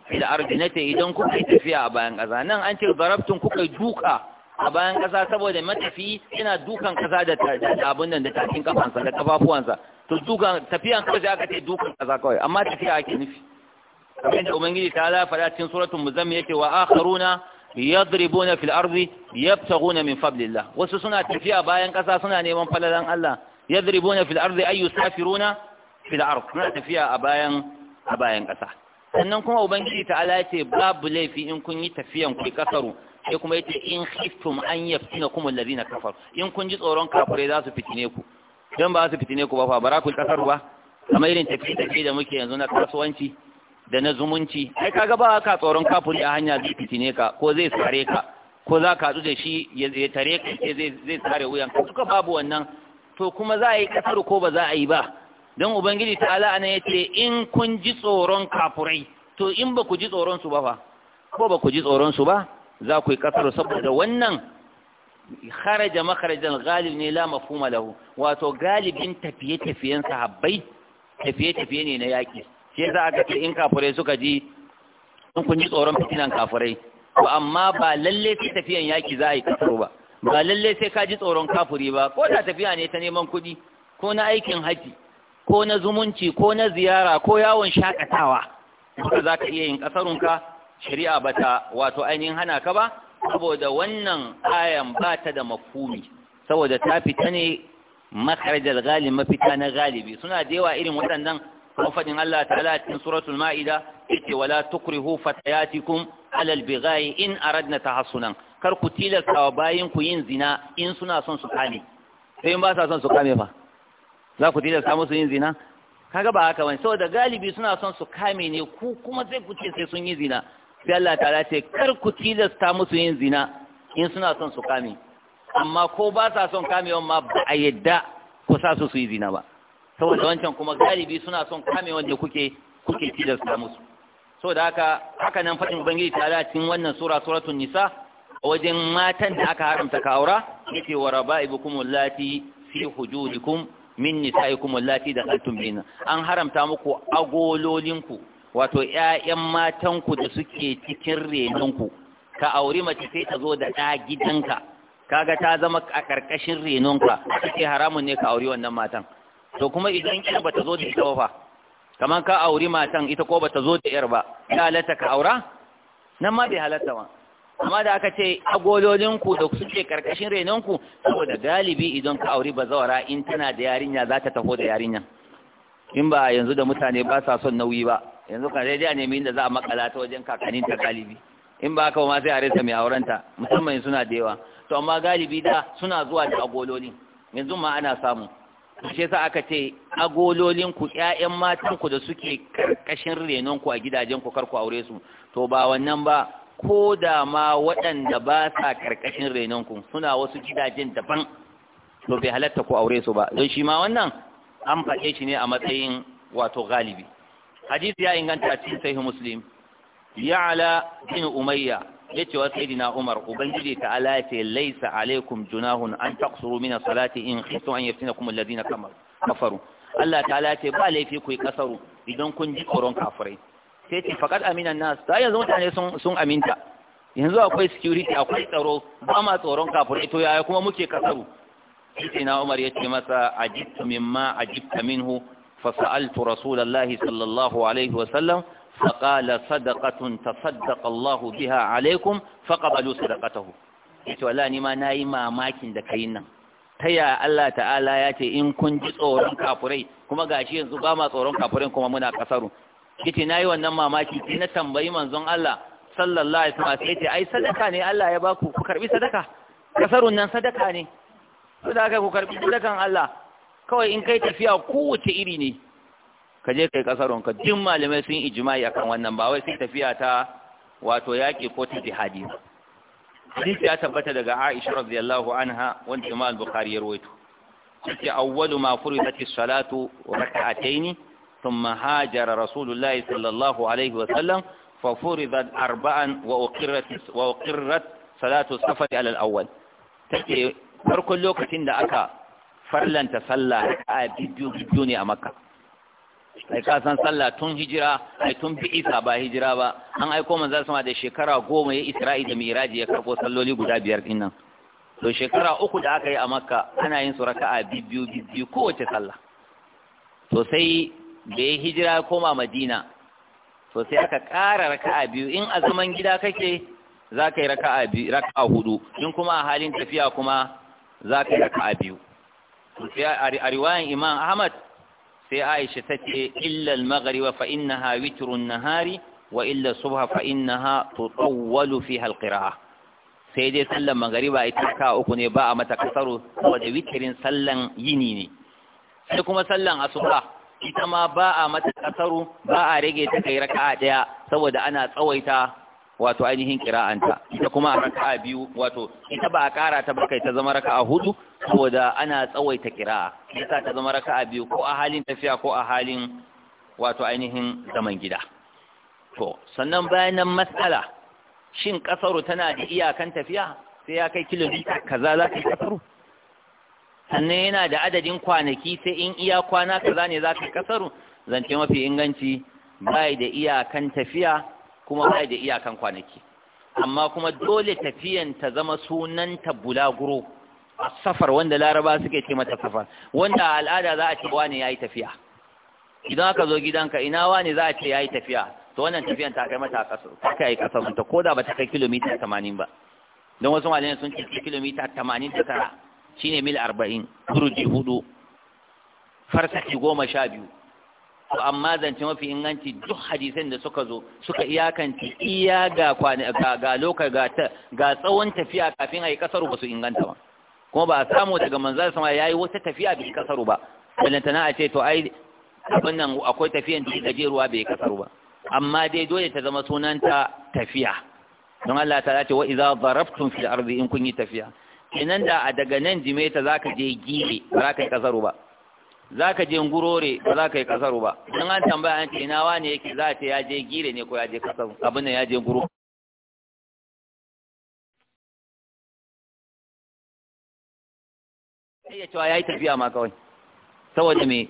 fil ardi idan kuka yi tafiya a bayan kaza nan an ce darabtum kuka duka a bayan kasa saboda matafi yana dukan kasa da abin nan da tafin kafansa da kafafuwansa to dukan tafiyan kawai sai aka ce dukan kasa kawai amma tafiya ake nufi kamar da ubangiji ta ala faɗa cikin suratul muzammil yake wa akharuna yadribuna fil ardi yabtaghuna min fadlillah wasu suna tafiya bayan kasa suna neman falalan Allah yadribuna fil ardi ay yusafiruna fil ard suna tafiya a bayan a bayan ƙasa sannan kuma ubangiji ta ala ce babu laifi in kun yi tafiyan ku kasaru sai kuma yace in khiftum an yaftina yaftinakum allazina kafar in kun ji tsoron kafirai za su fitine ku dan ba su fitine ku ba fa barakul kasar ba kamar irin tafiye tafiye da muke yanzu na kasuwanci da na zumunci ai kaga ba ka tsoron kafiri a hanya zai fitine ka ko zai sare ka ko za ka haɗu da shi ya tare ka zai zai sare wuyan ka duka babu wannan to kuma za a yi kasar ko ba za a yi ba don ubangiji ta'ala ana yace in kun ji tsoron kafurai to in ba ku ji tsoron su ba fa ko ba ku ji tsoron su ba za ku yi kasar saboda wannan kharaja makharajan galib ne la mafhuma lahu wato galibin tafiye-tafiyen sahabbai tafiye-tafiye ne na yaƙi shi yasa aka ce in kafirai suka ji sun kun ji tsoron fitinan kafirai to amma ba lalle sai tafiyan yaƙi za a yi kasar ba ba lalle sai ka ji tsoron kafiri ba ko da tafiya ne ta neman kuɗi ko na aikin haji ko na zumunci ko na ziyara ko yawon shakatawa duka za ka iya yin ƙasarunka shari'a bata wato ainihin hana ka ba saboda wannan ayan bata da makumi. saboda ta fita ne makarajal galibi mafita na galibi suna da yawa irin waɗannan kuma faɗin Allah Ta cikin suratul ma'ida yake wala tukrihu fatayatikum alal bighayi in aradna tahassunan kar ku tilasta wa bayin ku yin zina in suna son su kame sai in ba sa son su kame fa za ku tilasta musu yin zina kaga ba haka bane saboda galibi suna son su kame ne ku kuma sai ku ce sai sun yi zina sai Allah ta ce kar ku tilasta musu yin zina in suna son su kame amma ko ba sa son kamewan ma ba a yadda ku sa su su yi zina ba saboda wancan kuma galibi suna son kamewan da kuke kuke tilasta musu so da haka haka nan faɗin ubangiji ta ala cikin wannan sura suratul nisa wajen matan da aka haramta ka aura yace wa raba'ibukum allati fi hujurikum min nisa'ikum allati dakhaltum bina an haramta muku agololinku wato ‘ya'yan matanku da suke cikin renonku, ka auri mace sai ta zo da ɗa gidanka, kaga ta zama a ƙarƙashin renonka, suke haramun ne ka auri wannan matan. To kuma idan ita ba ta zo da ita ba, kamar ka auri matan ita ko ba ta zo da ‘yar ba, ya halatta ka aura? Nan ma bai halatta ba. Amma da aka ce agololinku da suke ƙarƙashin renonku, saboda galibi idan ka auri ba zawara in tana da yarinya za ta taho da yarinya. In ba yanzu da mutane ba sa son nauyi ba, yanzu kan sai a nemi inda za a makala ta wajen kakannin ta galibi in ba ka ma sai a rasa mai aurenta musamman suna da yawa to amma galibi da suna zuwa da agololi yanzu ma ana samu Kashe sa aka ce agololin ku ƴaƴan matan ku da suke karkashin renon ku a gidajen ku kar ku aure su to ba wannan ba ko da ma waɗanda ba sa karkashin renon ku suna wasu gidajen daban to bai halatta ku aure su ba don shi ma wannan an faɗe shi ne a matsayin wato galibi hadisi ya inganta a cikin sahih muslim ya'la bin umayya yace wa sayyidina umar ubangiji ta ala ce laisa, alaikum junahun an taqsuru min salati in khiftu an yaftinakum alladhina kafaru Allah ta'ala ce ba laifi ku yi kasaru idan kun ji tsoron kafirai sai ce faqad amina nas da yanzu mutane sun sun aminta yanzu akwai security akwai tsaro ba ma tsoron kafirai to yaya kuma muke kasaru sai na Umar ya ce masa ajibtu mimma ajibta minhu فسألت رسول الله صلى الله عليه وسلم فقال صدقة تصدق الله بها عليكم فقبلوا صدقته ولا نما نايما ماكين دكاينا تيا الله تعالى ياتي إن كنت tsoron kafurai kuma gashi yanzu ba ma tsoron kafurai kuma muna kasaru yace nayi wannan mamaki sai na tambayi manzon Allah sallallahu alaihi wasallam sai yace ai sadaka ne Allah ya baku ku karbi sadaka kasarun nan sadaka ne da ku karbi sadakan Allah kawai in kai tafiya kowace iri ne ka je kai kasaron ka duk malamai sun ijma'i akan wannan ba wai sai tafiya ta wato yaƙi ko ta jihadi ba hadisi ya tabbata daga Aisha radiyallahu anha wanda Imam Bukhari ya rawaito yace awwalu ma furidat as-salatu rak'atayn thumma hajara Rasulullah sallallahu alaihi wa sallam fa furidat arba'an wa uqirrat wa uqirrat salatu as-safar ala al-awwal take farkon lokacin da aka farlanta sallah a bidiyo ne a makka ai ka san sallah tun hijira ai tun bi isa ba hijira ba an aiko su ma da shekara goma ya isra'i da miraji ya karbo salloli guda biyar din nan to shekara uku da aka yi a makka ana yin su raka'a biyu biyu kowace sallah to sai da ya hijira koma madina to sai aka ƙara raka'a biyu in a zaman gida kake za ka yi raka'a hudu in kuma a halin tafiya kuma za ka yi raka'a biyu sai a riwayan imam ahmad sai aisha ta ce illa al-maghriba fa innaha witru nahari wa illa subha fa innaha tutawwalu fiha al-qira'a sai dai sallan maghriba ita ka uku ne ba a mata kasaro saboda witrin sallan yini ne sai kuma sallan asuba ita ma ba a mata kasaro ba a rage ta kai raka'a daya saboda ana tsawaita wato ainihin kira'anta ita kuma a raka'a biyu wato ita ba a kara ta ba kai ta zama a hudu saboda ana tsawaita kira'a yasa ta zama raka a biyu ko a halin tafiya ko a halin wato ainihin zaman gida to sannan bayan nan matsala shin kasaru tana da iyakan tafiya sai ya kai kilomita kaza za ka kasaru sannan yana da adadin kwanaki sai in iya kwana kaza ne za ka kasaru zance mafi inganci bai da iyakan tafiya kuma bai da iyakan kwanaki amma kuma dole tafiyan ta zama sunanta bulaguro safar wanda laraba suke ce mata safar wanda al'ada za a ce wani ya yi tafiya idan aka zo gidanka ina wani za a ce ya yi tafiya to wannan tafiyan ta kai mata ta kai kasar ta ko da ba ta kai kilomita tamanin ba don wasu malamai sun ce kilomita tamanin da tara shine mil arba'in turji hudu farsaki goma sha biyu to amma zance mafi inganci duk hadisan da suka zo suka iyakanci iya ga ga ga tsawon tafiya kafin a yi kasar ba su inganta ba kuma ba a samu daga manzan sama ya yi wata tafiya bai kasaru ba na a ce to ai abin nan akwai tafiyan da take jeruwa bai kasaru ba amma dai dole ta zama sunanta tafiya don Allah ta ce wa idza darabtum fil ardi in kun yi tafiya kinan da a daga nan ta zaka je gibe ba za ka yi kasaru ba za ka je ngurore ba za ka yi kasaru ba Don an tambaya an ce ina wane yake za ta ya je gire ne ko ya je kasaru abin nan ya je ngurore sai ya cewa ya yi tafiya ma kawai saboda me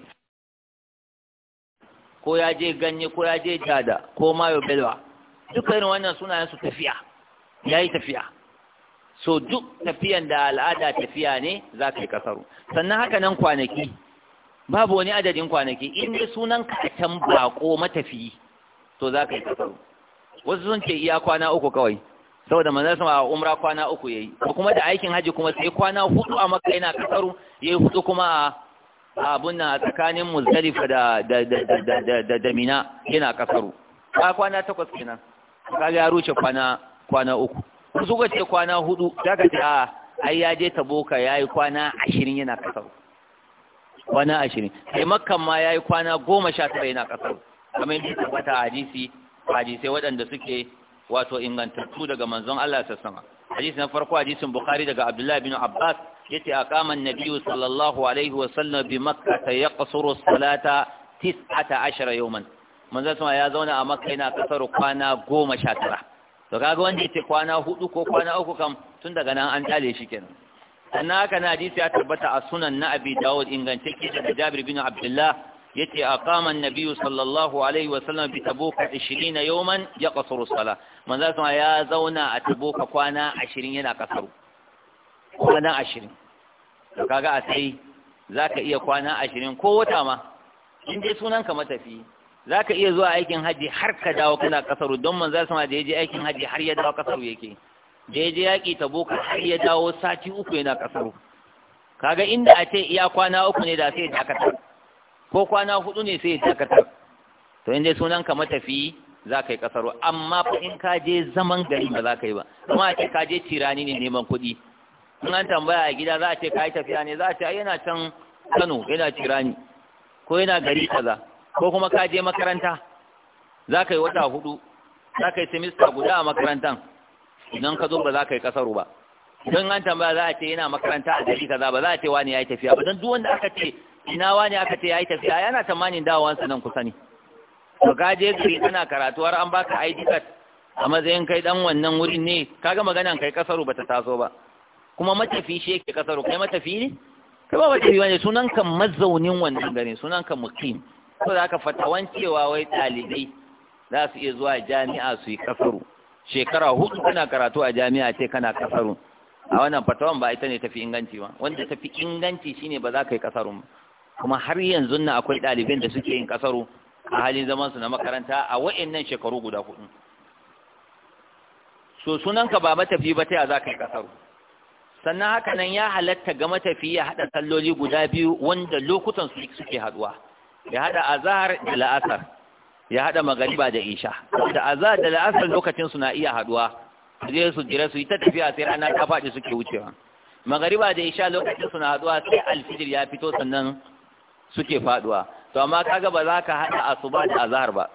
ko ya je ganye ko ya je jada ko mayo belwa duka irin wannan sunayen su tafiya ya yi tafiya so duk tafiyan da al'ada tafiya ne za ka yi kasaru sannan haka nan kwanaki babu wani adadin kwanaki in dai sunan kacan bako matafiyi to za ka yi kasaru wasu sun ce iya kwana uku kawai saboda manzon sama a umra kwana uku yayi ko kuma da aikin haji kuma sai kwana hudu a makka yana kasaru yayi hudu kuma a abun nan tsakanin muzdalifa da da da da da mina yana kasaru ka kwana takwas kenan kaga ya ruce kwana kwana uku su ga ce kwana hudu daga ce a ai ya je taboka yayi kwana 20 yana kasaru kwana 20 sai makkan ma yayi kwana 19 yana kasaru kamar yadda tabbata hadisi hadisi waɗanda suke wato ingantattu daga manzon Allah ta sama hadisi na farko hadisin bukhari daga abdullahi bin abbas yace aqama an-nabiy sallallahu alaihi wa sallam bi makkah yaqsuru as-salata 19 yawman manzon sama ya zauna a makka yana kasar kwana 19 to kaga wanda yace kwana hudu ko kwana uku kam tun daga nan an tale shi kenan sannan haka na hadisi ya tabbata a sunan na abi dawud ingantacce daga jabir bin Abdullahi. yace aqama an-nabi sallallahu alaihi wa sallam bi tabuka 20 yawman yaqsuru as-salah manzo kuma ya zauna a tabuka kwana 20 yana kasaru kwana 20 to kaga a sai zaka iya kwana 20 ko wata ma in dai sunan ka matafi zaka iya zuwa aikin haji har ka dawo kana kasaru don manzo kuma da yaje aikin haji har ya dawo kasaru yake da yaje yaki tabuka har ya dawo sati uku yana kasaru kaga inda a ce iya kwana uku ne da sai dakatar ko kwana hudu ne sai ya dakatar to in dai sunan ka matafi za ka yi kasaro amma fa in ka je zaman gari ba za ka yi ba kuma a ce ka je tirani ne neman kuɗi in an tambaya a gida za a ce ka yi tafiya ne za a ce ai yana can Kano yana tirani ko yana gari kaza ko kuma ka je makaranta za ka yi wata hudu za ka yi semista guda a makarantan idan ka zo ba za ka yi kasaro ba don an tambaya za a ce yana makaranta a gari kaza ba za a ce wani ya yi tafiya ba don duk wanda aka ce ina wani aka ce ya yi tafiya yana tamanin dawowansa nan kusa ne to ka je gari kana karatu har an baka ID card a matsayin kai dan wannan wurin ne kaga maganan kai kasaru bata taso ba kuma matafi shi yake kasaru kai matafi ne kai ba matafi wani sunan kan mazaunin wannan gari, sunan kan muqim to da aka fatawan cewa wai ɗalibai za su iya zuwa jami'a su yi kasaru shekara hudu kana karatu a jami'a ce kana kasaru a wannan fatawan ba ita ne tafi inganci ba wanda tafi inganci shine ba za ka yi kasarun ba kuma har yanzu na akwai ɗaliban da suke yin ƙasaru a halin zamansu na makaranta a wa'annan shekaru guda hudu so sunanka ba matafi ba ta yi a za ka yi ƙasaru sannan haka nan ya halatta ga matafi ya haɗa salloli guda biyu wanda lokutan su suke haɗuwa ya haɗa azahar da la'asar ya haɗa magariba da isha da azahar da la'asar lokacin su na iya haɗuwa su su jira su yi ta tafiya sai rana ta faɗi suke wucewa magariba da isha lokacin su na haɗuwa sai alfijir ya fito sannan suke faduwa to amma kaga ba za ka hada asuba da azhar ba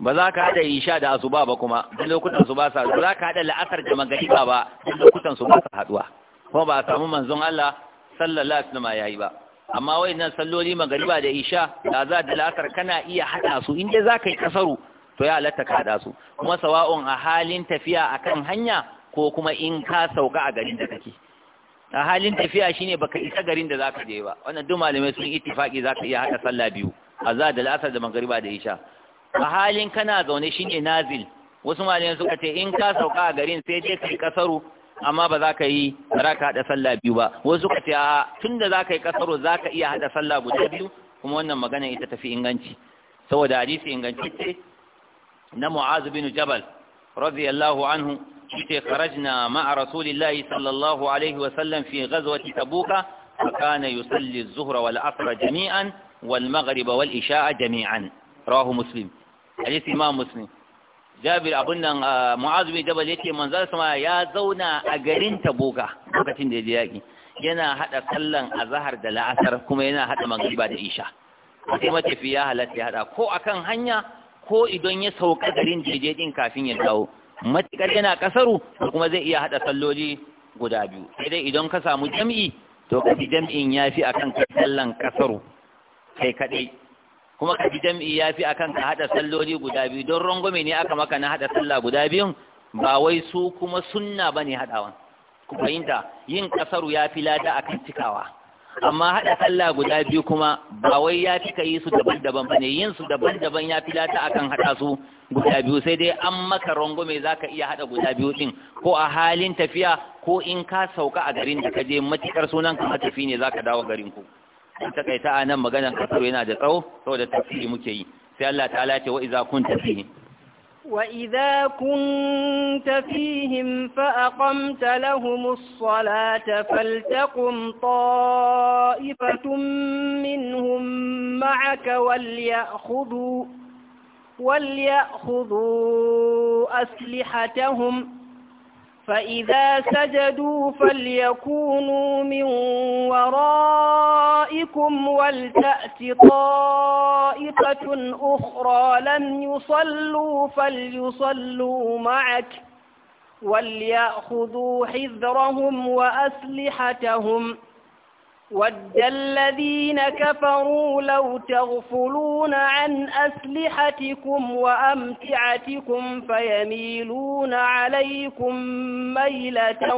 ba za ka hada isha da asuba ba kuma duk lokutan su ba sa ba za ka hada la'asar da magariba ba duk lokutan su ba sa haduwa kuma ba a samu manzon Allah sallallahu alaihi wasallam yayi ba amma wayannan salloli magariba da isha da azhar da la'asar kana iya hada su inda za ka yi kasaru to ya halatta ka hada su kuma sawa'un a halin tafiya akan hanya ko kuma in ka sauka a garin da kake a halin tafiya shine baka isa garin da zaka je ba wannan duk malamai sun ittifaki zaka iya hada sallah biyu azza da al'asr da magriba da isha a halin kana zaune shine nazil wasu malamai suka ce in ka sauka a garin sai je kai kasaru amma ba za ka yi ba ka haɗa sallah biyu ba wasu suka ce a tun da za ka yi kasaro za ka iya haɗa sallah guda biyu kuma wannan magana ita tafi inganci saboda hadisi ce na mu'azu bin jabal radiyallahu anhu yace kharajna ma'a rasulillahi sallallahu alaihi wa sallam fi ghazwati tabuka fa kana yusalli az-zuhra wal asr jami'an wal wal isha'a jami'an rawahu muslim hadith imam muslim jabir abun nan ah, mu'az bin jabal yace manzon sama ya zauna a garin tabuka lokacin da ya yaki yana hada kallon azahar da la'asar kuma yana hada magriba da isha sai matafiya halatta ya hada ko akan hanya ko idan ya sauka garin jeje din kafin ya dawo matukar yana kasaru kuma zai iya hada salloli guda biyu sai dai idan ka samu jam'i to ka ji jam'in yafi akan ka sallan kasaru kai kaɗai. kuma ka ji jam'i yafi akan ka hada salloli guda biyu don rangwame ne aka maka na hada sallah guda biyun ba wai su kuma sunna bane hadawan ku fahimta yin kasaru yafi lada akan cikawa amma haɗa sallah guda biyu kuma ba wai ya fi ka yi su daban-daban ba ne yin su daban-daban ya fi lata akan haɗa su guda biyu sai dai an maka rangume za ka iya haɗa guda biyu ɗin ko a halin tafiya ko in ka sauka a garin da ka je matuƙar sunan ka matafi ne za ka dawo garin ku ta kai ta nan maganar kasar yana da tsawo saboda tafsiri muke yi sai Allah ta'ala ce wa iza kun tafi وإذا كنت فيهم فأقمت لهم الصلاة فلتقم طائفة منهم معك وليأخذوا, وليأخذوا أسلحتهم فإذا سجدوا فليكونوا من ورائكم ولتأت طائفة أخرى لم يصلوا فليصلوا معك وليأخذوا حذرهم وأسلحتهم ۖ ود الذين كفروا لو تغفلون عن أسلحتكم وأمتعتكم فيميلون عليكم ميلة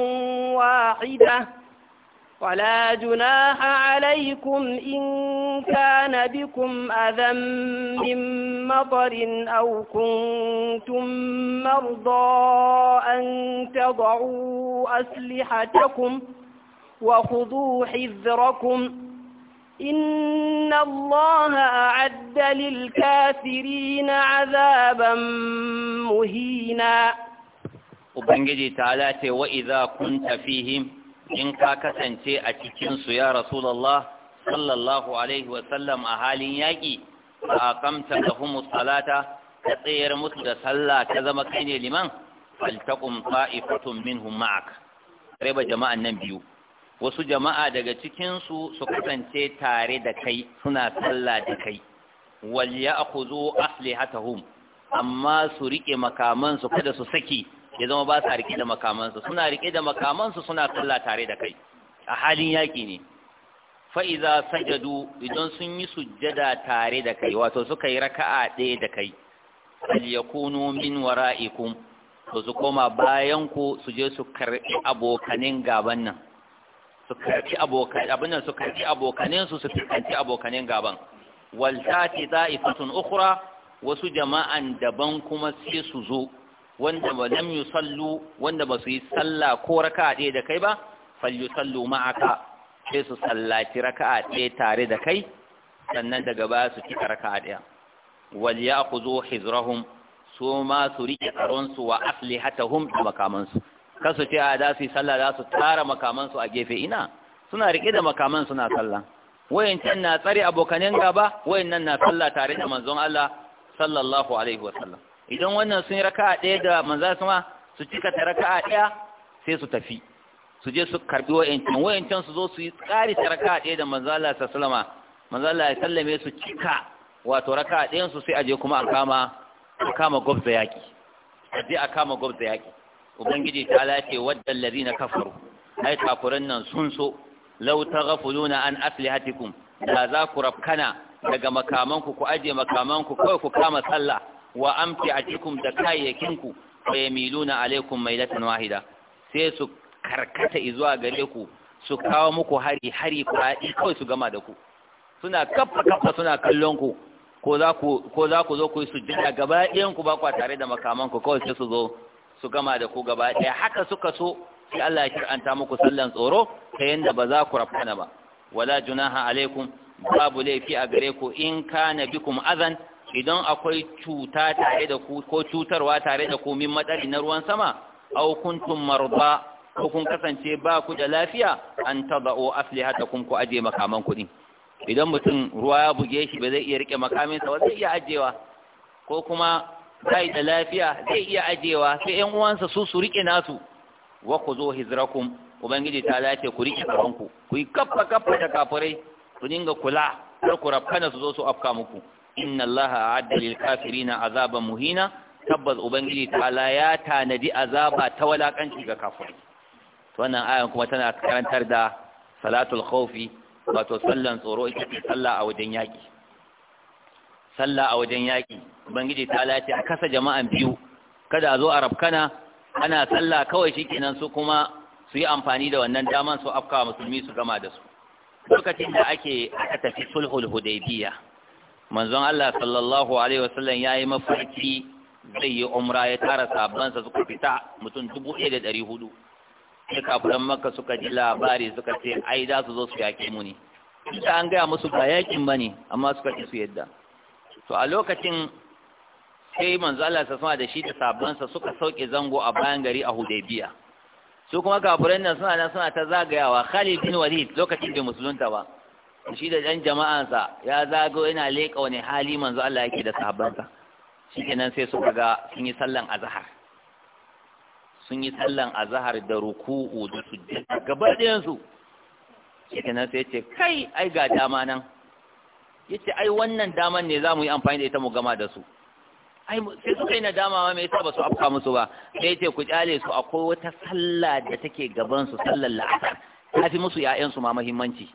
واحدة ولا جناح عليكم إن كان بكم أذى من مطر أو كنتم مرضى أن تضعوا أسلحتكم ۖ وخذوا حذركم إن الله أعد للكافرين عذابا مهينا Ubangiji ta late wa iza kunta fihim in ka kasance a cikinsu ya Rasulallah sallallahu Alaihi wasallam a halin yaƙi a kamta da humus salata ka tsayar musu da sallah ta zama kai ne liman faltaƙun fa'ifatun min ma'ak. Reba jama'an nan biyu. wasu jama'a daga cikinsu su kasance tare da kai suna sallah da kai wal ya'khudhu aslihatahum amma su rike makamansu kada su saki ya zama ba su rike da makamansu suna rike da makamansu suna sallah tare da kai a halin yaki ne fa'iza sajadu idan sun yi sujjada tare da kai wato suka yi raka'a ɗaya da kai alyakunu min wara'ikum to su koma bayan ku su je su karɓi abokanin gaban nan su karbi abokan abin nan su karbi abokanin su su fuskanci abokanin gaban wal tati ta'ifatun ukhra wasu jama'an daban kuma sai su zo wanda ba lam yusallu wanda ba su yi sallah ko raka'a ɗaya da kai ba falyusallu ma'aka sai su sallaci raka'a ɗaya tare da kai sannan daga baya su cika raka'a ɗaya wal ya'khudhu hizrahum su ma su rike tsaron su wa aslihatahum da makamansu kasu ce a za su yi sallah za su tara makamansu a gefe ina suna riƙe da makaman suna sallah wayancan na tsare abokanen gaba wayan nan na sallah tare da manzon Allah sallallahu alaihi wasallam idan wannan sun yi raka'a ɗaya da manzon sama su cika ta raka'a ɗaya sai su tafi su je su karbi wayan wayancan su zo su yi tsari ta raka'a ɗaya da manzon Allah sallama manzon Allah ya sallame su cika wato raka'a ɗayan su sai a je kuma a kama a kama gwabza yaki a je a kama gwabza yaki ubangiji ta lace waddan na kafaru ai kafuran nan sun so gafulu na an hatikun. da za ku rafkana daga makamanku ku aje makamanku kawai ku kama sallah wa amti cikin da kayayyakinku na alaikun alaikum latin wahida sai su karkata izuwa gare ku su kawo muku hari hari kwaɗi kawai su gama da ku suna kafa kafa suna kallon ku ko za ku zo ku yi su jira gaba ɗayan ku ba ku tare da makamanku kawai sai su zo su gama da ku gaba ɗaya haka suka so sai Allah ya kiranta muku sallan tsoro ta yanda ba za ku rafana ba wala junaha alaikum babu laifi a gare ku in kana bikum azan idan akwai cuta tare da ku ko cutarwa tare da ku min matsari na ruwan sama aw kuntum marda ko kun kasance ba ku da lafiya an tadau aslihatakum ku aje makaman kuɗi idan mutum ruwa ya buge shi ba zai iya rike makamin sa ba zai iya ajewa ko kuma bai da lafiya zai iya ajewa sai ƴan uwansa su su rike nasu wa ku zo hijrakum ubangiji ta lafiya ku rike tsaronku ku yi kaffa kaffa da kafirai ku dinga kula kar ku rafkana su zo su afka muku inna allaha a'adda lil kafirina azaban muhina tabbas ubangiji ta'ala ya tanadi azaba ta walakanci ga kafirai wannan ayan kuma tana karantar da salatul khawfi wato sallan tsoro ita sallah a wajen yaki sallah a wajen yaƙi ubangiji ta lati a kasa jama'an biyu kada a zo a rafkana ana sallah kawai shikenan su kuma su yi amfani da wannan daman su afkawa musulmi su gama da su lokacin da ake aka tafi sulhul hudaybiya manzon Allah sallallahu alaihi wasallam yayi mafarki zai yi umra ya tara sa suka fita mutum dubu ɗaya da ɗari hudu sai kafiran makka suka ji labari suka ce ai za su zo su yaƙe mu ne an gaya musu ba yaƙin ba ne amma suka ci su yadda to a lokacin sai manzo Allah sa sama da shi da sabansa suka sauke zango a bayan gari a Hudaybiya su kuma kafirai nan suna nan suna ta zagayawa Khalid bin Walid lokacin da musulunta ba shi da dan jama'ansa ya zago yana leƙa wani hali manzo Allah yake da sabansa shikenan sai suka ga sun yi sallan azhar sun yi sallan azhar da ruku'u da sujjada gaba ɗayan su shikenan sai ya ce kai ai ga dama nan yace ai wannan daman ne zamu yi amfani da ita mu gama da su ai sai suka yi dama ma me yasa ba su afka musu ba sai yace ku kyale su akwai wata sallah da take gaban su sallar la'asar ta fi musu 'ya'yansu su ma muhimmanci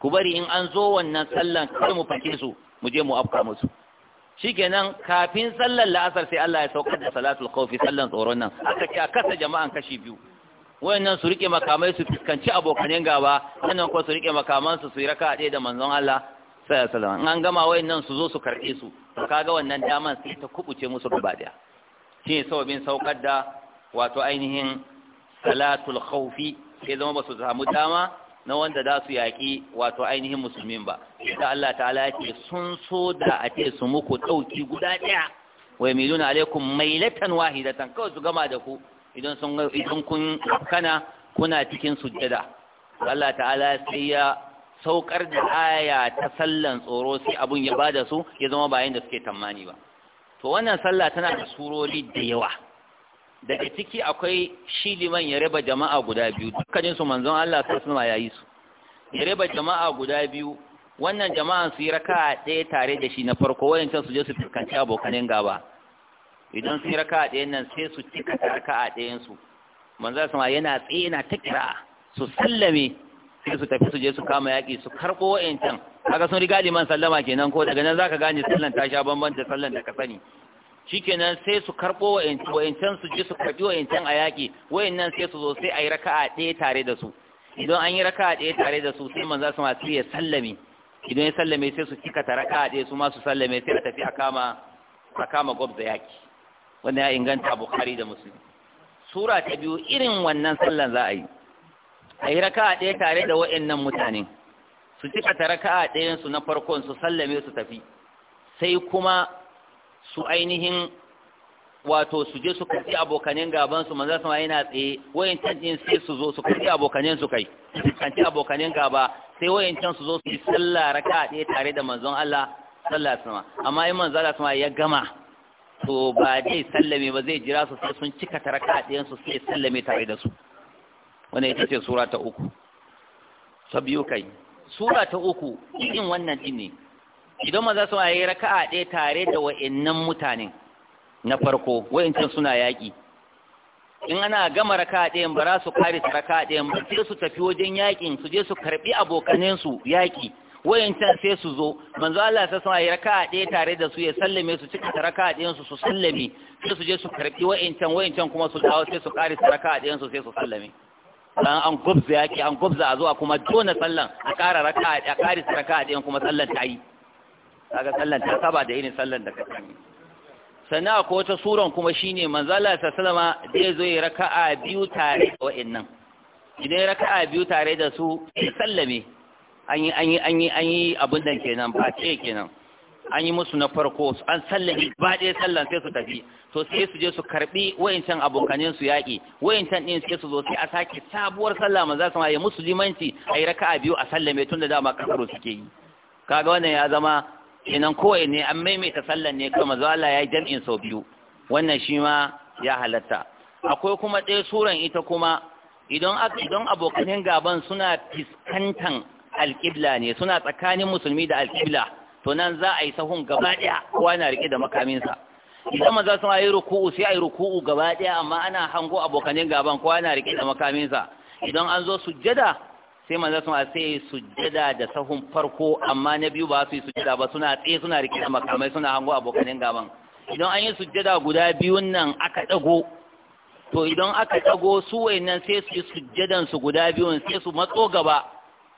ku bari in an zo wannan sallan kai mu fake su mu je mu afka musu shikenan kafin sallar la'asar sai Allah ya saukar da salatul khawfi sallan tsoron nan aka ce a kasa jama'an kashi biyu wayannan su rike makamai su fuskanci abokanen gaba wannan ko su rike makamansu su su yi raka'a da manzon Allah sallallahu alaihi an gama wayannan su zo su karbe su to kaga wannan daman sai ta kubuce musu gaba daya shine bin saukar da wato ainihin salatul khawfi sai zama ba su samu dama na wanda za su yaƙi wato ainihin musulmin ba da Allah ta'ala ya ce sun so da a ce su muku ɗauki guda ɗaya wa miluna alaikum mailatan wahidatan kawai su gama da ku idan sun idan kun kana kuna cikin sujjada Allah ta'ala sai ya saukar da aya ta sallan tsoro sai abun ya bada su ya zama bayan da suke tammani ba to wannan sallah tana da surori da yawa daga ciki akwai shi liman ya raba jama'a guda biyu dukkanin su manzon Allah sallallahu alaihi yayi su ya raba jama'a guda biyu wannan jama'a su yi raka ɗaya tare da shi na farko can su je su fuskanci abokanin gaba idan su yi raka ɗayan nan sai su cika raka ɗayan su manzon Allah yana tsaye yana ta kira su sallame sai su tafi su je su kama yaƙi su karɓo wa'incan kaga sun riga liman sallama kenan ko daga nan za ka gane sallan ta sha bamban da sallan da ka sani shikenan sai su karɓo wa'incan su je su karɓi wa'incan a yaƙi wa'innan sai su zo sai a yi raka'a ɗaya tare da su idan an yi raka'a ɗaya tare da su sai man za su masu ya sallame idan ya sallame sai su kika ta raka'a ɗaya su ma su sallame sai a tafi a kama a kama gwabza yaƙi wannan ya inganta bukari da musulmi sura ta biyu irin wannan sallan za a yi a yi a ɗaya tare da waɗannan mutanen su cika ta raka'a ɗayansu na farkon su sallame su tafi sai kuma su ainihin wato su je su karɓi abokanen gaban su manzo yana tsaye wayancan din sai su zo su karɓi abokanen su kai ci abokanen gaba sai wayancan su zo su yi sallah a ɗaya tare da manzon Allah sallah sama amma in manzo Allah ya gama to ba dai sallame ba zai jira su sai sun cika ta raka'a ɗayansu su sai sallame tare da su wannan ita ce sura ta uku ta biyu kai sura ta uku irin wannan din ne idan maza su yi raka'a ɗaya tare da wa'annan mutanen na farko wa'ancan suna yaƙi in ana gama raka'a ɗayan ba za su kare su raka'a ɗayan ba sai su tafi wajen yaƙin su je su karɓi abokanensu yaƙi wayancan sai su zo manzo Allah sai suna yi raka'a ɗaya tare da su ya sallame su cika raka'a ɗayan su su sallame sai su je su karɓi wayancan wayancan kuma su dawo sai su kare raka'a ɗayan su sai su sallame dan an gubza yaki an gubza a zuwa kuma jona sallan a kara raka a kari raka a ɗayan kuma sallan ta yi kaga sallan ta saba da irin sallan da kake sannan akwai wata suran kuma shine manzala sallama zai zo yi raka'a biyu tare da wa'annan idan raka'a biyu tare da su sallame an yi an yi an yi abin nan kenan ba ce kenan an yi musu na farko an salla ba dai sallan sai su tafi to sai su je su karbi wayancan abokanin su yaƙi wayancan ɗin sai su zo sai a sake sabuwar sallah manzo sama ya musulmanci ayi raka'a biyu a sallame tun da dama kasaro suke yi kaga wannan ya zama kenan kowai ne an maimaita sallan ne kuma manzo Allah ya yi jam'in sau biyu wannan shi ma ya halatta akwai kuma ɗaya suran ita kuma idan idan abokanin gaban suna fiskantan alƙibla ne suna tsakanin musulmi da alƙibla to nan za a yi sahun gaba ɗaya kowa na riƙe da makaminsa idan maza sun yi ruku'u sai a yi ruku'u gaba ɗaya amma ana hango abokanin gaban kowa na riƙe da makaminsa idan an zo sujjada sai maza sun sai yi sujjada da sahun farko amma na biyu ba su yi sujjada ba suna tsaye suna riƙe da makamai suna hango abokanin gaban idan an yi sujjada guda biyun nan aka ɗago, to idan aka ɗago su wayannan sai su yi sujjadan su guda biyun sai su matso gaba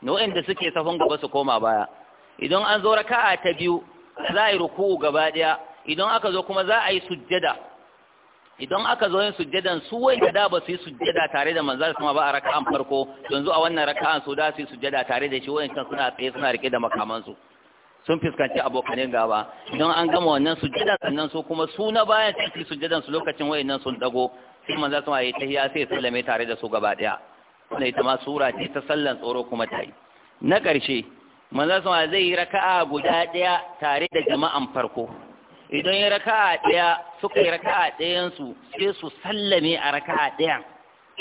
na wayanda suke safin gaba su koma baya idan an zo raka'a ta biyu za a yi ruku'u gaba daya idan aka zo kuma za a yi sujjada idan aka zo yin sujjadan su wai da ba su yi sujjada tare da manzar kuma ba a raka'an farko yanzu a wannan raka'an su da su yi sujjada tare da shi wayancan suna tsaye suna rike da makamansu sun fuskanci abokanin gaba idan an gama wannan sujjada sannan su kuma su na bayan su yi sujjadan su lokacin wayannan sun dago sai manzar kuma yayi tahiya sai ya sallame tare da su gaba daya wannan ita ma sura ce ta sallan tsoro kuma ta yi na ƙarshe su ma zai yi raka'a guda ɗaya tare da jama'an farko idan ya raka'a ɗaya suka yi raka'a ɗayan su sai su sallame a raka'a ɗaya.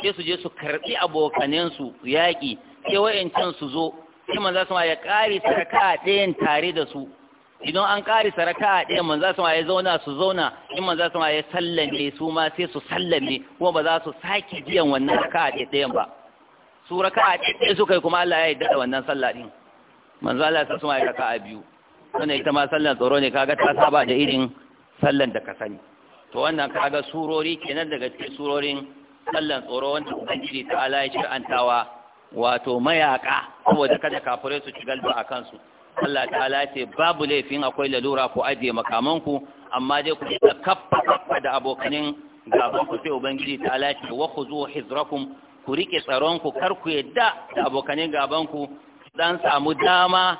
sai su je su karbi abokanen su yaƙi sai wayancan su zo sai su ma ya ƙari raka'a ɗayan tare da su idan an ƙari raka'a ɗayan su ma ya zauna su zauna in su ma ya sallame su ma sai su sallame kuma ba za su sake biyan wannan raka'a ɗayan ba su raka'a ɗaya suka yi kuma Allah ya yarda da wannan sallah din manzo Allah ta suma ya a biyu wannan ita ma sallan tsoro ne kaga ta saba da irin sallan da ka sani to wannan kaga surori kenan daga cikin surorin sallan tsoro wanda ubangiji ta Allah ya shir'antawa wato mayaka saboda kada kafirai su ci galba a kansu Allah ce babu laifin akwai lalura ku ajiye makamanku amma dai ku ta kaffa kaffa da abokanin gaban ku sai ubangiji ya ce wa khuzu hizrakum ku rike tsaron ku kar ku yadda da abokanin gaban ku dan samu dama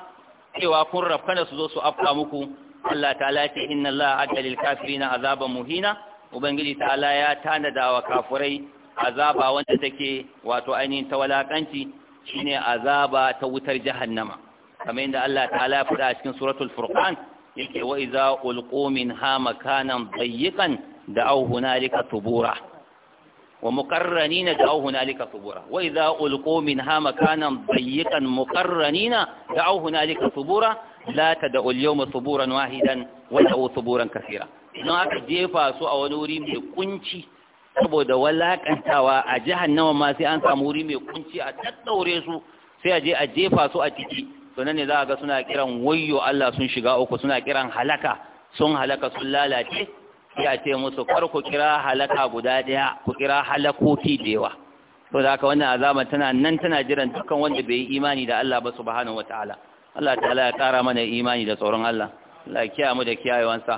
cewa kun rafkana su zo su afka muku Allah ta'ala ce inna Allah adalil kafirina azaban muhina ubangiji ta'ala ya tanada wa kafurai azaba wanda take wato ainihin ta walakanci shine azaba ta wutar jahannama kamar yadda Allah ta'ala ya faɗa a cikin suratul furqan yake wa iza ulqu minha makanan dayyiqan da'aw hunalika tubura ومقرنين دعوا هنالك ثبورا وإذا ألقوا منها مكانا ضيقا مقرنين دعوا هنالك ثبورا لا تدعوا اليوم ثبورا واحدا ودعوا ثبورا كثيرا إنه أكد جيفا سوء ونوري من saboda walakantawa a nawa ma sai an samu wuri mai kunci a tattaure su sai a je a jefa su a ciki to nan ne za a ga suna kiran wayo Allah sun shiga uku suna kiran halaka sun halaka sun lalace ya ce musu kar ku kira halaka guda daya ku kira halakoki da yawa to da haka wannan azaba tana nan tana jiran dukkan wanda bai yi imani da Allah ba subhanahu wataala Allah ta'ala ya kara mana imani da tsoron Allah Allah ya kiyaye mu da kiyayewansa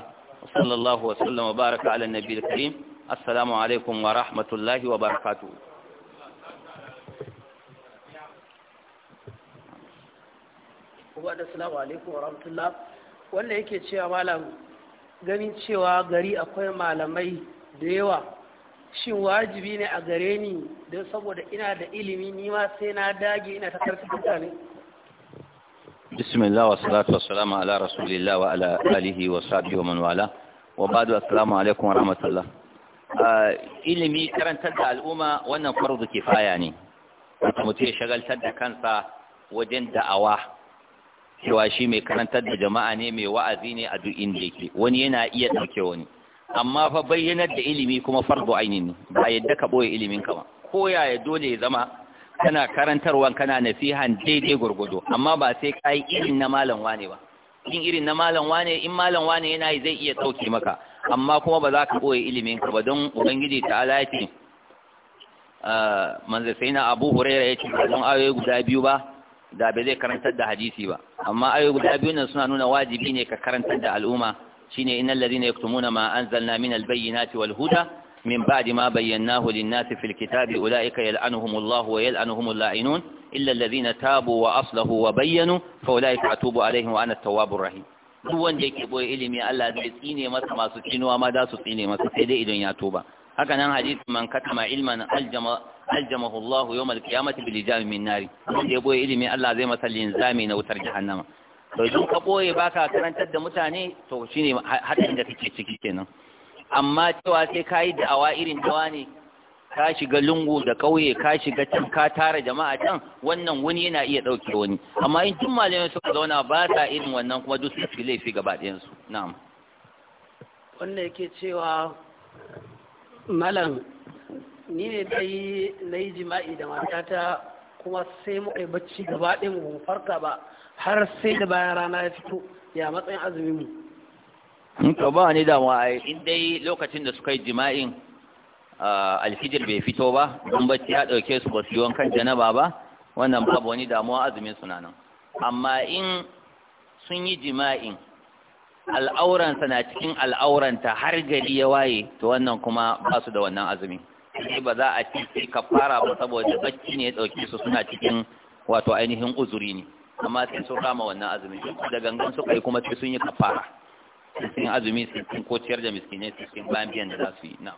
sallallahu wa sallam wa baraka ala nabiyil karim assalamu alaikum wa rahmatullahi wa barakatuh wa da salamu alaikum wa rahmatullah wanda yake cewa malam ganin cewa gari akwai malamai da yawa shin wajibi ne a gare ni don saboda ina da ilimi nima sai na dage ina ta karfi mutane bismillah wa salatu wa salamu ala rasulillah wa ala alihi wa sahbihi wa man wala wa ba'du assalamu alaikum wa rahmatullah ah, ilimi karantar da al'umma wannan farzu kifaya ne mutum ya shagaltar da kansa wajen da'awa cewa shi mai karantar da jama'a ne mai wa'azi ne a duk inda yake wani yana iya ɗauke wani amma fa bayyanar da ilimi kuma fardu ainihin ne ba yadda ka ɓoye ilimin kama ba ko yaya dole ya zama kana karantarwa kana nasihan daidai gwargwado. amma ba sai ka yi irin na malam wane ba in irin na malam wane in malam wane yana yi zai iya ɗauke maka amma kuma ba za ka ɓoye ilimin ka ba don ubangiji ta alaƙi ah, manzo sai na abu huraira ya ce don ayoyi guda biyu ba da bai zai karantar da hadisi ba amma ayo guda biyu nan suna nuna wajibi ne ka karantar da al'umma shine innal ladina yaktumuna ma anzalna min albayyinati wal huda min ba'di ma bayyanahu lin-nasi fil kitabi ulaika yal'anuhumullahu wa yal'anuhumul la'inun illa alladhina tabu wa aslahu wa bayyanu fa ulaika atubu alaihim wa ana at-tawwabur rahim duk wanda yake boye ilimi Allah zai tsine masa masu tsinuwa ma da su tsine masa sai dai idan ya tuba haka nan hadisi man katama ilman aljama aljamahu Allah yawm alqiyamati bil jami min nari ya boye ilimi Allah zai masa linzami na wutar jahannama to idan ka boye baka karantar da mutane to shine hadin da kake ciki kenan amma cewa sai kai da'awa irin dawa ne ka shiga lungu da kauye ka shiga can ka tara jama'a can wannan wani yana iya dauke wani amma in tun malamai suka zauna ba sa irin wannan kuma duk su laifi gaba ɗayan su na'am wannan yake cewa malam ni ne dai na yi jima'i da matata kuma sai muka yi bacci gaba ɗin mu farka ba har sai da bayan rana ya fito ya matsayin azumin mu in ka ba ni damuwa ai in dai lokacin da suka yi jima'in alfijir bai fito ba don bacci ya ɗauke su ba su yi wankan janaba ba wannan babu wani damuwa azumin suna nan amma in sun yi jima'in al'auransa na cikin al'auranta har gari ya waye to wannan kuma ba su da wannan azumi sai ba za a ci kafara ba saboda bacci ne ya dauke su suna cikin wato ainihin uzuri ne amma sai sun rama wannan azumi da gangan su yi kuma sai sun yi kafara sun azumi sun ko kociyar da miskinai sun bayan biyan da za su yi na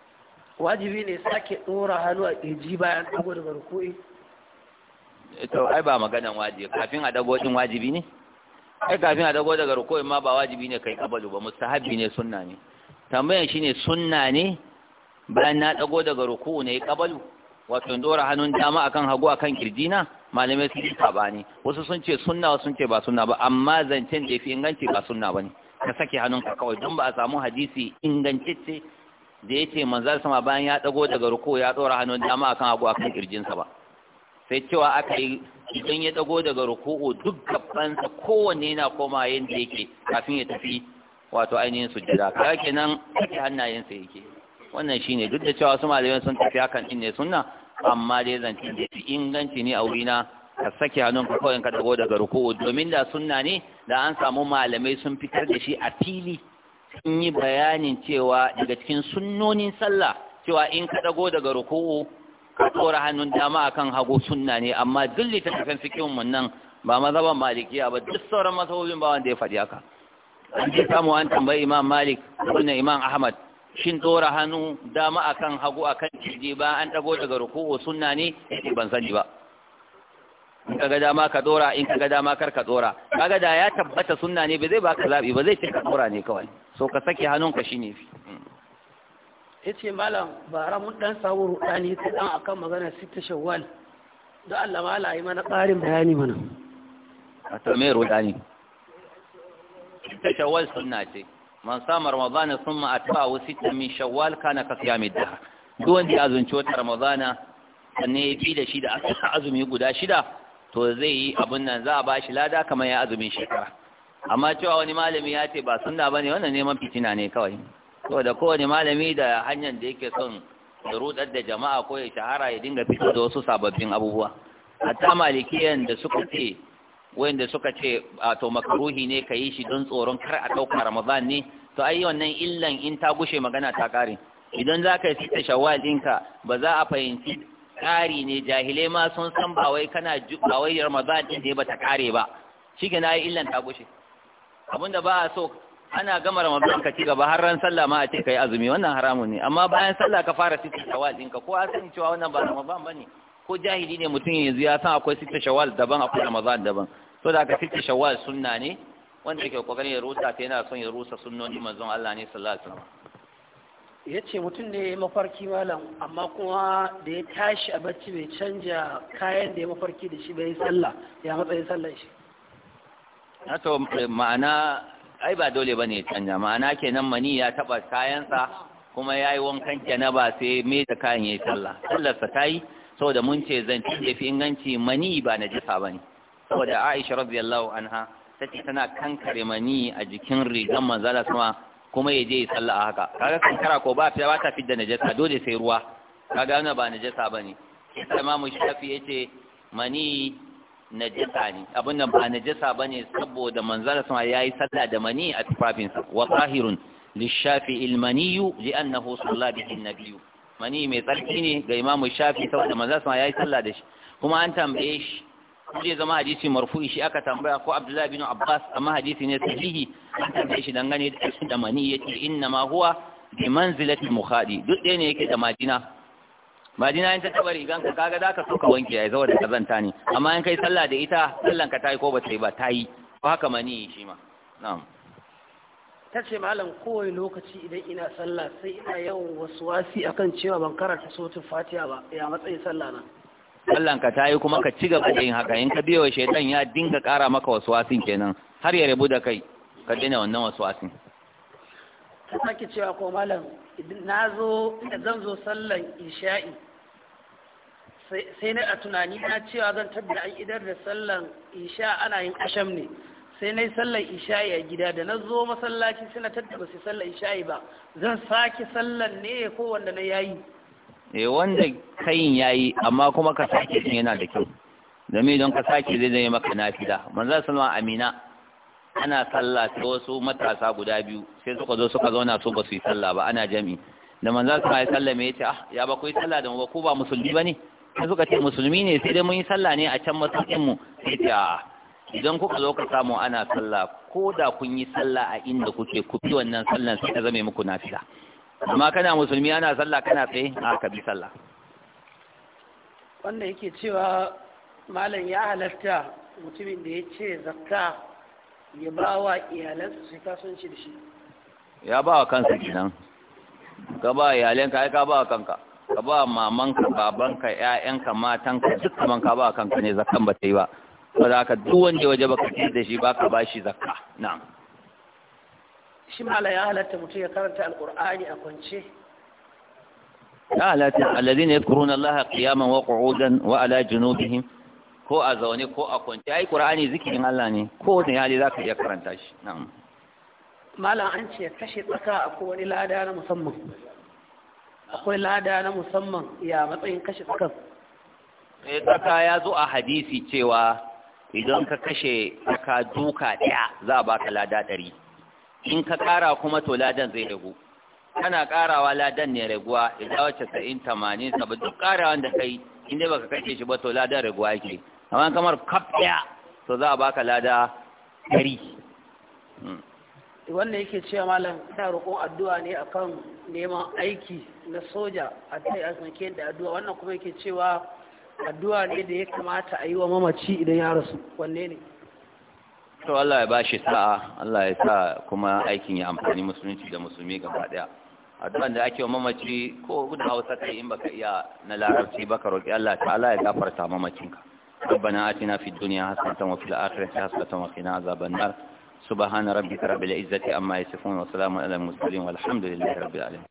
wajibi ne sake dora hannu a ƙirji bayan dago daga rukui to ai ba maganan wajibi kafin a dago din wajibi ne ai kafin a dago daga ruku'in ma ba wajibi ne kai kabalu ba mustahabi ne sunna ne tambayan shine sunna ne bayan na dago daga ruku'u ne kabalu wato dora hannun dama akan hagu akan kirjina malamai sun yi ne wasu sun ce sunna wasu sun ce ba sunna ba amma zancen da yafi inganci ba sunna bane ka sake ka kawai don ba a samu hadisi ingantacce da yace manzal sama bayan ya dago daga ruku'u ya dora hannun dama akan hagu akan kirjinsa ba sai cewa aka yi idan ya dago daga ruku'u duk gabansa kowanne yana koma yadda yake kafin ya tafi wato ainihin sujjada kaga kenan ake hannayensa yake wannan shine duk da cewa su malamai sun tafi hakan din ne sunna amma dai zance da inganci ne a wurina ka sake hannun ka kawai ka dago daga ruku'u domin da sunna ne da an samu malamai sun fitar da shi a fili sun yi bayanin cewa daga cikin sunnonin sallah cewa in ka dago daga ruku'u tsora hannun dama akan hagu sunna ne amma duk ta fikihun mun nan ba mazhaban malikiya ba duk sauran mazhabobin ba wanda ya faɗi haka an ji samu an tambayi imam malik wannan imam ahmad shin tsora hannu dama akan hagu akan kirji ba an dago daga ruku'u sunna ne eh, ban sani ba in kaga dama ka tsora in kaga dama kar ka tsora kaga da ya tabbata sunna ne ba zai baka zabi ba zai ce ka tsora ne kawai so ka sake hannun ka shine fi hmm. ya ce malam bara mun dan samu rudani ta dan akan magana sita shawwal don Allah ma yi mana ƙarin bayani mana a to me rudani sita shawwal sunna ce man sama ramadana summa wa sita min shawwal kana ka qiyamid dahr duk wanda ya azunci wata ramadana sannan ya fi da shida a aka azumi guda shida to zai yi abin nan za a ba shi lada kamar ya azumin shekara amma cewa wani malami ya ce ba sunna ne wannan neman fitina ne kawai ko kowane malami da hanyar da yake son da rudar da jama'a ko ya shahara ya dinga fito da wasu sababbin abubuwa hatta malikiyan da suka ce da suka ce to makaruhi ne ka yi shi don tsoron kar a ɗauka ramadan ne to ai wannan illan in ta gushe magana ta ƙare idan za ka yi fita shawwal ba za a fahimci ƙari ne jahilai ma sun san ba wai kana ba wai ramadan ɗin da ba ta ƙare ba shi ke na yi illan ta gushe abinda ba a so ana gama ramadan ka ci gaba har ran sallah ma a ce kai azumi wannan haramun ne amma bayan sallah ka fara sita shawal ɗinka ko a san cewa wannan ba ramadan bane ko jahili ne mutum yanzu ya san akwai sita shawal daban akwai ramadan daban so da ka sita shawal sunna ne wanda yake kokarin ya rusa ta yana son ya rusa sunnoni manzon Allah ne sallallahu alaihi wasallam yace mutum ne ya mafarki malam amma kuma da ya tashi a bacci bai canja kayan da ya mafarki da shi bai sallah ya matsayin sallar shi na to eh, ma'ana ai ba dole bane ya canja ma'ana kenan mani ya taba kayansa kuma yayi wankan ba sai me ta kayan ya sallah sallar sa tayi saboda mun ce zan da inganci mani ba na jisa bane saboda Aisha radiyallahu anha tace tana kankare mani a jikin rigan manzala kuma kuma yaje ya sallah a haka kaga kankara ko ba ta ba ta fidda najasa dole sai ruwa kaga wannan ba najasa bane sai Imam Shafi yace mani najasa ne abin da ba ba bane saboda manzara sama yayi sallah da mani a tufafinsa wa qahirun lishafi almani na salla bihi an-nabiy mani mai tsarki ne ga imamu shafi saboda manzara sama yi sallah da shi kuma an tambaye shi zai zama hadisi marfu'i shi aka tambaya ko Abdullahi bin Abbas amma hadisi ne sahihi an tambaye shi dangane da mani yace inna ma huwa bi manzilati mukhadi duk ɗaya ne yake da majina majina in ta taba rigan ka kaga zaka so ka wanke ai da kazanta ne amma in kai sallah da ita sallan ka tayi ko ba ta yi ba ta yi ko haka ma ni shi ma na'am ce malam kowai lokaci idan ina sallah sai ina yawan waswasi akan cewa ban karanta suratul fatiha ba ya matsayin sallah na sallan ka tayi kuma ka ci gaba da yin haka in ka biyo shaytan ya dinga kara maka waswasin kenan har ya rabu da kai ka dina wannan waswasin ta sake cewa ko malam na zo da zan zo sallan isha'i sai na tunani na cewa zan tabbi an idar da sallan isha ana yin asham ne sai na yi sallan isha'i a gida da na zo masallaci sai na tattaba su sallan isha'i ba zan sake sallan ne ko wanda na yayi eh wanda kayin yayi amma kuma ka sake shi yana da kyau domin don ka sake zai zai maka nafila manzo sallallahu amina ana sallah ta wasu matasa guda biyu sai suka zo suka zauna su ba su yi sallah ba ana jami da manzan su mai sallah mai yace ah ya ba ku yi sallah da mu ba ku ba musulmi ba ne sai suka ce musulmi ne sai dai mun yi sallah ne a can masaukin mu sai ce ah idan kuka zo ka samu ana sallah ko da kun yi sallah a inda kuke ku fi wannan sallan sai ta zame muku nafila amma kana musulmi ana sallah kana tsaye a ka bi sallah wanda yake cewa malam ya halatta mutumin da ya ce zakka ya ba wa iyalansa su kasuwanci da shi ya ba wa kansa kenan ka ba iyalanka ai ka ba wa kanka ka ba mamanka babanka ƴaƴanka matanka duk kaman ka ba wa kanka ne zakkan ba ta yi ba saboda ka duk wanda waje baka ci da shi baka ba shi zakka na'am shi mala ya halatta mutum ya karanta alqur'ani a kwance ya halatta alladhina yadhkuruna allaha qiyaman wa qu'udan wa ala junubihim ko a zaune ko a kwance ai qur'ani zikirin Allah ne ko wani hali zaka iya karanta shi na'am malam an ce kashe tsaka akwai wani lada na musamman akwai lada na musamman ya matsayin kashe tsakan sai eh, tsaka ya zo a hadisi cewa idan ka kashe tsaka duka ɗaya za a baka lada ɗari in ka ƙara kuma to ladan zai ragu kana ƙarawa ladan ne raguwa idan wacce sa'in tamanin saboda duk karawan da kai in dai baka kashe shi ba to ladan raguwa yake amma kamar kaf ɗaya to za a baka lada ɗari hmm. wannan yake cewa malam ta roƙon addu'a ne akan neman aiki na soja a tsaye a sanke da addu'a wannan kuma yake cewa addu'a ne da ya kamata a yi wa mamaci idan ya rasu wanne ne to Allah ya bashi sa'a Allah ya sa kuma aikin ya amfani musulunci da musulmi gaba daya addua da ake wa mamaci ko da Hausa kai in baka iya na larabci baka roƙi Allah ta'ala ya gafarta mamacinka ربنا آتنا في الدنيا حسنة وفي الآخرة حسنة وقنا عذاب النار سبحان ربك رب العزة أما يصفون وسلام على المرسلين والحمد لله رب العالمين